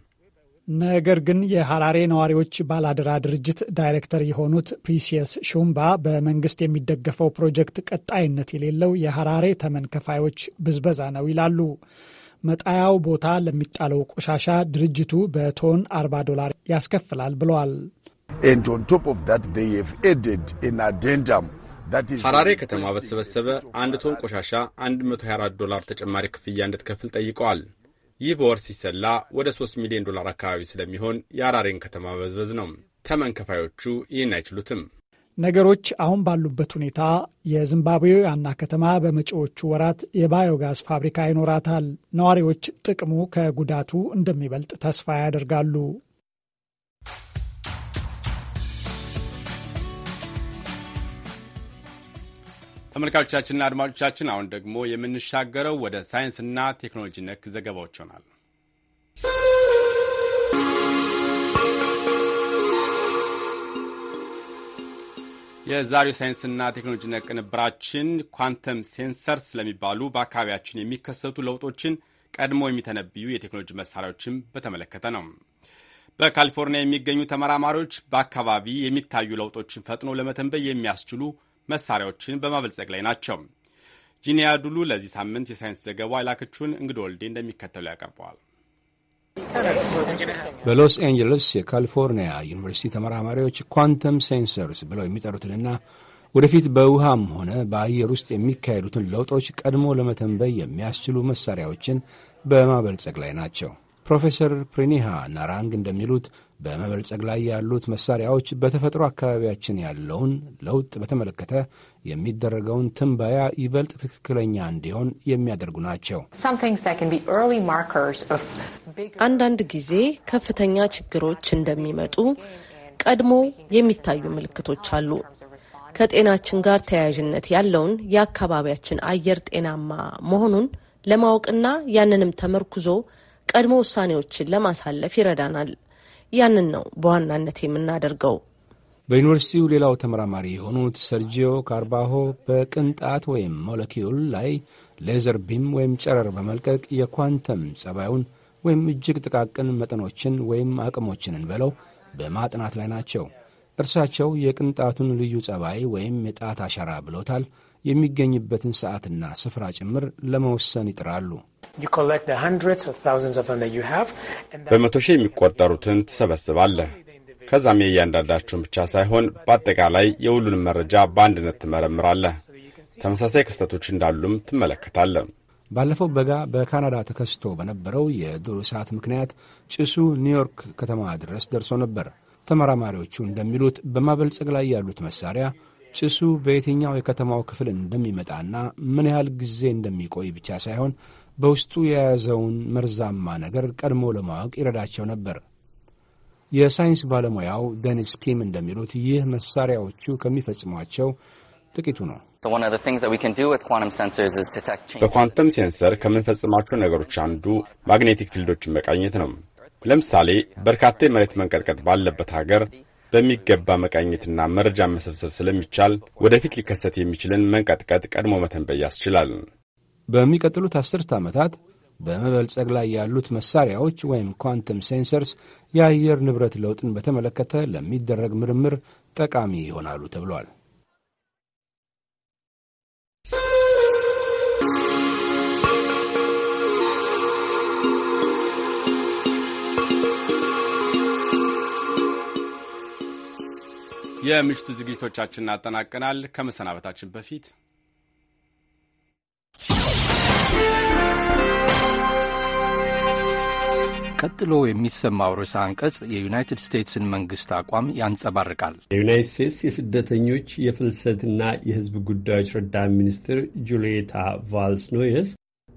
ነገር ግን የሐራሬ ነዋሪዎች ባላደራ ድርጅት ዳይሬክተር የሆኑት ፕሪሲየስ ሹምባ በመንግስት የሚደገፈው ፕሮጀክት ቀጣይነት የሌለው የሐራሬ ተመን ከፋዮች ብዝበዛ ነው ይላሉ። መጣያው ቦታ ለሚጣለው ቆሻሻ ድርጅቱ በቶን 40 ዶላር ያስከፍላል ብለዋል። ሐራሬ ከተማ በተሰበሰበ አንድ ቶን ቆሻሻ 124 ዶላር ተጨማሪ ክፍያ እንድትከፍል ጠይቀዋል። ይህ በወር ሲሰላ ወደ 3 ሚሊዮን ዶላር አካባቢ ስለሚሆን የሐራሬን ከተማ መበዝበዝ ነው። ተመን ከፋዮቹ ይህን አይችሉትም። ነገሮች አሁን ባሉበት ሁኔታ የዚምባብዌ ዋና ከተማ በመጪዎቹ ወራት የባዮጋዝ ፋብሪካ ይኖራታል። ነዋሪዎች ጥቅሙ ከጉዳቱ እንደሚበልጥ ተስፋ ያደርጋሉ። ተመልካቾቻችንና አድማጮቻችን አሁን ደግሞ የምንሻገረው ወደ ሳይንስና ቴክኖሎጂ ነክ ዘገባዎች ይሆናል። የዛሬው ሳይንስና ቴክኖሎጂ ነክ ቅንብራችን ኳንተም ሴንሰር ስለሚባሉ በአካባቢያችን የሚከሰቱ ለውጦችን ቀድሞ የሚተነብዩ የቴክኖሎጂ መሳሪያዎችን በተመለከተ ነው። በካሊፎርኒያ የሚገኙ ተመራማሪዎች በአካባቢ የሚታዩ ለውጦችን ፈጥኖ ለመተንበይ የሚያስችሉ መሳሪያዎችን በማበልጸግ ላይ ናቸው። ጂኒያ ዱሉ ለዚህ ሳምንት የሳይንስ ዘገባ የላከችውን እንግዶ ወልዴ እንደሚከተሉ ያቀርበዋል። በሎስ አንጀለስ የካሊፎርኒያ ዩኒቨርሲቲ ተመራማሪዎች ኳንተም ሴንሰርስ ብለው የሚጠሩትንና ወደፊት በውሃም ሆነ በአየር ውስጥ የሚካሄዱትን ለውጦች ቀድሞ ለመተንበይ የሚያስችሉ መሳሪያዎችን በማበልጸግ ላይ ናቸው። ፕሮፌሰር ፕሪኒሃ ናራንግ እንደሚሉት በመበልጸግ ላይ ያሉት መሳሪያዎች በተፈጥሮ አካባቢያችን ያለውን ለውጥ በተመለከተ የሚደረገውን ትንበያ ይበልጥ ትክክለኛ እንዲሆን የሚያደርጉ ናቸው። አንዳንድ ጊዜ ከፍተኛ ችግሮች እንደሚመጡ ቀድሞ የሚታዩ ምልክቶች አሉ። ከጤናችን ጋር ተያያዥነት ያለውን የአካባቢያችን አየር ጤናማ መሆኑን ለማወቅና ያንንም ተመርኩዞ ቀድሞ ውሳኔዎችን ለማሳለፍ ይረዳናል። ያንን ነው በዋናነት የምናደርገው። በዩኒቨርሲቲው ሌላው ተመራማሪ የሆኑት ሰርጂዮ ካርባሆ በቅንጣት ወይም ሞለኪውል ላይ ሌዘር ቢም ወይም ጨረር በመልቀቅ የኳንተም ጸባዩን ወይም እጅግ ጥቃቅን መጠኖችን ወይም አቅሞችንን በለው በማጥናት ላይ ናቸው። እርሳቸው የቅንጣቱን ልዩ ጸባይ ወይም የጣት አሻራ ብለውታል። የሚገኝበትን ሰዓትና ስፍራ ጭምር ለመወሰን ይጥራሉ። በመቶ ሺህ የሚቆጠሩትን ትሰበስባለህ። ከዛም የእያንዳንዳቸውን ብቻ ሳይሆን በአጠቃላይ የሁሉንም መረጃ በአንድነት ትመረምራለህ። ተመሳሳይ ክስተቶች እንዳሉም ትመለከታለህ። ባለፈው በጋ በካናዳ ተከስቶ በነበረው የዱር እሳት ምክንያት ጭሱ ኒውዮርክ ከተማ ድረስ ደርሶ ነበር። ተመራማሪዎቹ እንደሚሉት በማበልጸግ ላይ ያሉት መሳሪያ ጭሱ በየትኛው የከተማው ክፍል እንደሚመጣና ምን ያህል ጊዜ እንደሚቆይ ብቻ ሳይሆን በውስጡ የያዘውን መርዛማ ነገር ቀድሞ ለማወቅ ይረዳቸው ነበር። የሳይንስ ባለሙያው ደኒስ ኪም እንደሚሉት ይህ መሳሪያዎቹ ከሚፈጽሟቸው ጥቂቱ ነው። በኳንተም ሴንሰር ከምንፈጽማቸው ነገሮች አንዱ ማግኔቲክ ፊልዶችን መቃኘት ነው። ለምሳሌ በርካታ የመሬት መንቀጥቀጥ ባለበት ሀገር በሚገባ መቃኘትና መረጃ መሰብሰብ ስለሚቻል ወደፊት ሊከሰት የሚችልን መንቀጥቀጥ ቀድሞ መተንበይ ያስችላል። በሚቀጥሉት አስርት ዓመታት በመበልጸግ ላይ ያሉት መሳሪያዎች ወይም ኳንተም ሴንሰርስ የአየር ንብረት ለውጥን በተመለከተ ለሚደረግ ምርምር ጠቃሚ ይሆናሉ ተብሏል። የምሽቱ ዝግጅቶቻችን እናጠናቀናል። ከመሰናበታችን በፊት ቀጥሎ የሚሰማው ርዕሰ አንቀጽ የዩናይትድ ስቴትስን መንግስት አቋም ያንጸባርቃል። የዩናይትድ ስቴትስ የስደተኞች የፍልሰትና የሕዝብ ጉዳዮች ረዳት ሚኒስትር ጁልየታ ቫልስ ኖየስ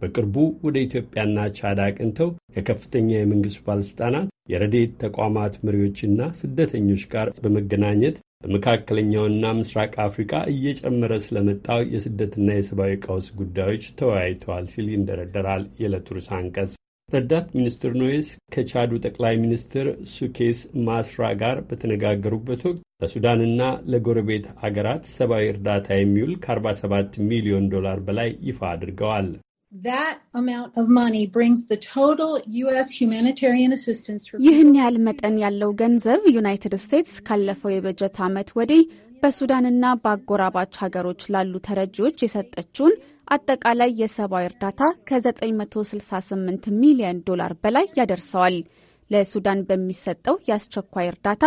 በቅርቡ ወደ ኢትዮጵያና ቻድ አቅንተው ከከፍተኛ የመንግሥት ባለሥልጣናት፣ የረዴት ተቋማት መሪዎችና ስደተኞች ጋር በመገናኘት በመካከለኛውና ምስራቅ አፍሪካ እየጨመረ ስለመጣው የስደትና የሰብአዊ ቀውስ ጉዳዮች ተወያይተዋል ሲል ይንደረደራል የዕለቱ ርዕሰ አንቀጽ። ረዳት ሚኒስትር ኖዌስ ከቻዱ ጠቅላይ ሚኒስትር ሱኬስ ማስራ ጋር በተነጋገሩበት ወቅት ለሱዳንና ለጎረቤት አገራት ሰብአዊ እርዳታ የሚውል ከ47 ሚሊዮን ዶላር በላይ ይፋ አድርገዋል። ይህን ያህል መጠን ያለው ገንዘብ ዩናይትድ ስቴትስ ካለፈው የበጀት ዓመት ወዲህ በሱዳንና በአጎራባች ሀገሮች ላሉ ተረጂዎች የሰጠችውን አጠቃላይ የሰብአዊ እርዳታ ከ968 ሚሊዮን ዶላር በላይ ያደርሰዋል። ለሱዳን በሚሰጠው የአስቸኳይ እርዳታ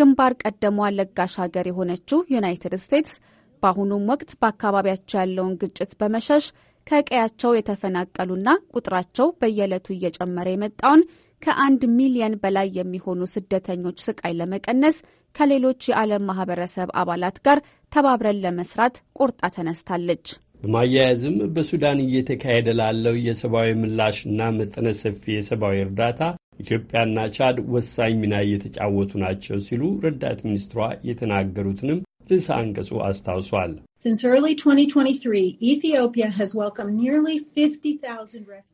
ግንባር ቀደሟ ለጋሽ ሀገር የሆነችው ዩናይትድ ስቴትስ በአሁኑም ወቅት በአካባቢያቸው ያለውን ግጭት በመሸሽ ከቀያቸው የተፈናቀሉና ቁጥራቸው በየዕለቱ እየጨመረ የመጣውን ከአንድ ሚሊየን በላይ የሚሆኑ ስደተኞች ስቃይ ለመቀነስ ከሌሎች የዓለም ማህበረሰብ አባላት ጋር ተባብረን ለመስራት ቆርጣ ተነስታለች። በማያያዝም በሱዳን እየተካሄደ ላለው የሰብአዊ ምላሽና መጠነ ሰፊ የሰብአዊ እርዳታ ኢትዮጵያና ቻድ ወሳኝ ሚና እየተጫወቱ ናቸው ሲሉ ረዳት ሚኒስትሯ የተናገሩትንም ርዕሰ አንቀጹ አስታውሷል።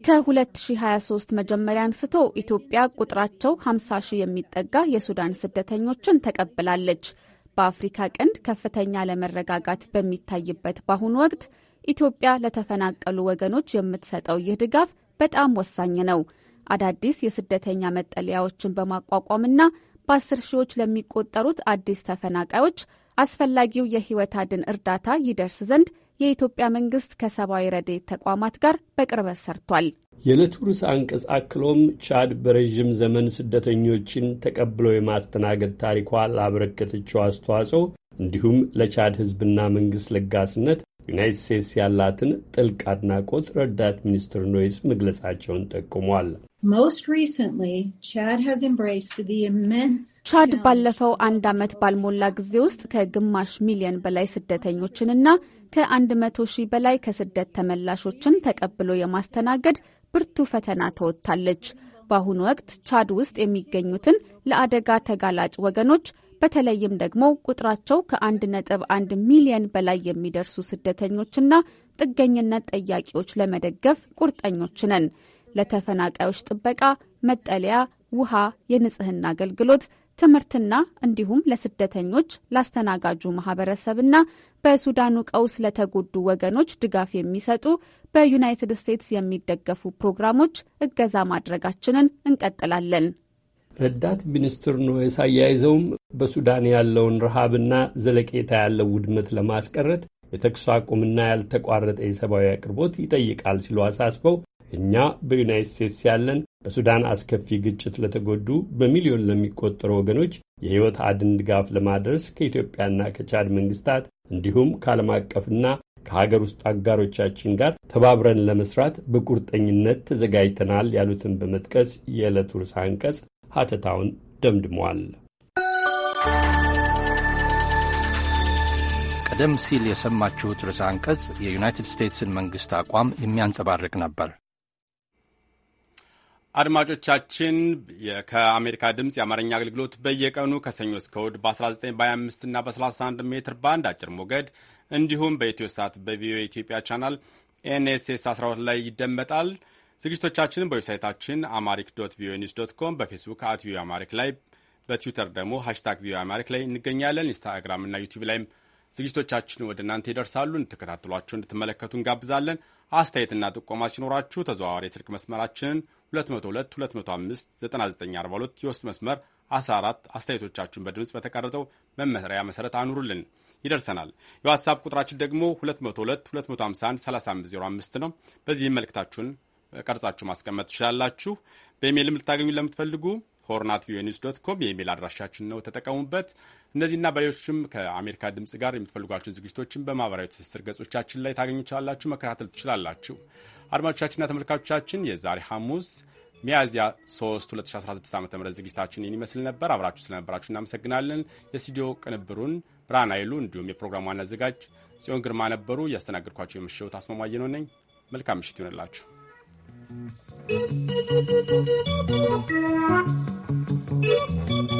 ከ2023 መጀመሪያ አንስቶ ኢትዮጵያ ቁጥራቸው 50 ሺህ የሚጠጋ የሱዳን ስደተኞችን ተቀብላለች። በአፍሪካ ቀንድ ከፍተኛ ለመረጋጋት በሚታይበት በአሁኑ ወቅት ኢትዮጵያ ለተፈናቀሉ ወገኖች የምትሰጠው ይህ ድጋፍ በጣም ወሳኝ ነው። አዳዲስ የስደተኛ መጠለያዎችን በማቋቋምና በአስር ሺዎች ለሚቆጠሩት አዲስ ተፈናቃዮች አስፈላጊው የሕይወት አድን እርዳታ ይደርስ ዘንድ የኢትዮጵያ መንግስት ከሰብአዊ ረድኤት ተቋማት ጋር በቅርበት ሰርቷል። የዕለቱ ርዕስ አንቀጽ አክሎም ቻድ በረዥም ዘመን ስደተኞችን ተቀብሎ የማስተናገድ ታሪኳ ላበረከተችው አስተዋጽኦ እንዲሁም ለቻድ ህዝብና መንግስት ለጋስነት ዩናይትድ ስቴትስ ያላትን ጥልቅ አድናቆት ረዳት ሚኒስትር ኖይስ መግለጻቸውን ጠቁሟል። ቻድ ባለፈው አንድ ዓመት ባልሞላ ጊዜ ውስጥ ከግማሽ ሚሊዮን በላይ ስደተኞችንና ከ100 ሺህ በላይ ከስደት ተመላሾችን ተቀብሎ የማስተናገድ ብርቱ ፈተና ተወጥታለች። በአሁኑ ወቅት ቻድ ውስጥ የሚገኙትን ለአደጋ ተጋላጭ ወገኖች በተለይም ደግሞ ቁጥራቸው ከ1.1 ሚሊዮን በላይ የሚደርሱ ስደተኞችና ጥገኝነት ጠያቂዎች ለመደገፍ ቁርጠኞች ነን። ለተፈናቃዮች ጥበቃ፣ መጠለያ፣ ውሃ፣ የንጽህና አገልግሎት፣ ትምህርትና እንዲሁም ለስደተኞች ላስተናጋጁ ማህበረሰብና በሱዳኑ ቀውስ ለተጎዱ ወገኖች ድጋፍ የሚሰጡ በዩናይትድ ስቴትስ የሚደገፉ ፕሮግራሞች እገዛ ማድረጋችንን እንቀጥላለን። ረዳት ሚኒስትር ኖዌስ አያይዘውም በሱዳን ያለውን ረሃብና ዘለቄታ ያለው ውድመት ለማስቀረት የተኩስ አቁምና ያልተቋረጠ የሰብአዊ አቅርቦት ይጠይቃል ሲሉ አሳስበው እኛ በዩናይት ስቴትስ ያለን በሱዳን አስከፊ ግጭት ለተጎዱ በሚሊዮን ለሚቆጠሩ ወገኖች የሕይወት አድን ድጋፍ ለማድረስ ከኢትዮጵያና ከቻድ መንግስታት እንዲሁም ከዓለም አቀፍና ከሀገር ውስጥ አጋሮቻችን ጋር ተባብረን ለመስራት በቁርጠኝነት ተዘጋጅተናል ያሉትን በመጥቀስ የዕለቱ ርዕሰ አንቀጽ ሀተታውን ደምድመዋል። ቀደም ሲል የሰማችሁት ርዕሰ አንቀጽ የዩናይትድ ስቴትስን መንግሥት አቋም የሚያንጸባርቅ ነበር። አድማጮቻችን ከአሜሪካ ድምፅ የአማርኛ አገልግሎት በየቀኑ ከሰኞ እስከ እሁድ በ19 በ25 እና በ31 ሜትር ባንድ አጭር ሞገድ እንዲሁም በኢትዮ ሳት በቪኦኤ ኢትዮጵያ ቻናል ኤንኤስኤስ 12 ላይ ይደመጣል። ዝግጅቶቻችንን በዌብሳይታችን አማሪክ ዶት ቪኦኤ ኒውስ ዶት ኮም በፌስቡክ አት ቪኦኤ አማሪክ ላይ፣ በትዊተር ደግሞ ሃሽታግ ቪኦኤ አማሪክ ላይ እንገኛለን። ኢንስታግራም እና ዩቲዩብ ላይም ዝግጅቶቻችን ወደ እናንተ ይደርሳሉ። እንድትከታተሏቸው እንድትመለከቱ እንጋብዛለን። አስተያየትና ጥቆማ ሲኖራችሁ ተዘዋዋሪ የስልክ መስመራችንን 2022059942 የውስጥ መስመር 14 አስተያየቶቻችሁን በድምፅ በተቀረጠው መመሪያ መሰረት አኑሩልን፣ ይደርሰናል። የዋትሳፕ ቁጥራችን ደግሞ 2022513505 ነው። በዚህም መልእክታችሁን ቀርጻችሁ ማስቀመጥ ትችላላችሁ። በኢሜይልም ልታገኙ ለምትፈልጉ ሆርናትቪኒስ ዶት ኮም የኢሜል አድራሻችን ነው። ተጠቀሙበት። እነዚህና በሌሎችም ከአሜሪካ ድምጽ ጋር የምትፈልጓቸውን ዝግጅቶችን በማህበራዊ ትስስር ገጾቻችን ላይ ታገኙቻላችሁ፣ መከታተል ትችላላችሁ። አድማጮቻችንና ተመልካቾቻችን የዛሬ ሐሙስ ሚያዝያ 3 2016 ዓ ም ዝግጅታችን ይህን ይመስል ነበር። አብራችሁ ስለነበራችሁ እናመሰግናለን። የስቱዲዮ ቅንብሩን ብርሃን ኃይሉ እንዲሁም የፕሮግራሙ ዋና አዘጋጅ ጽዮን ግርማ ነበሩ። እያስተናገድኳቸው የምሽት አስማማየ ነው ነኝ። መልካም ምሽት ይሆንላችሁ። Thank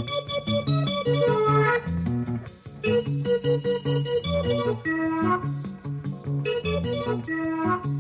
you.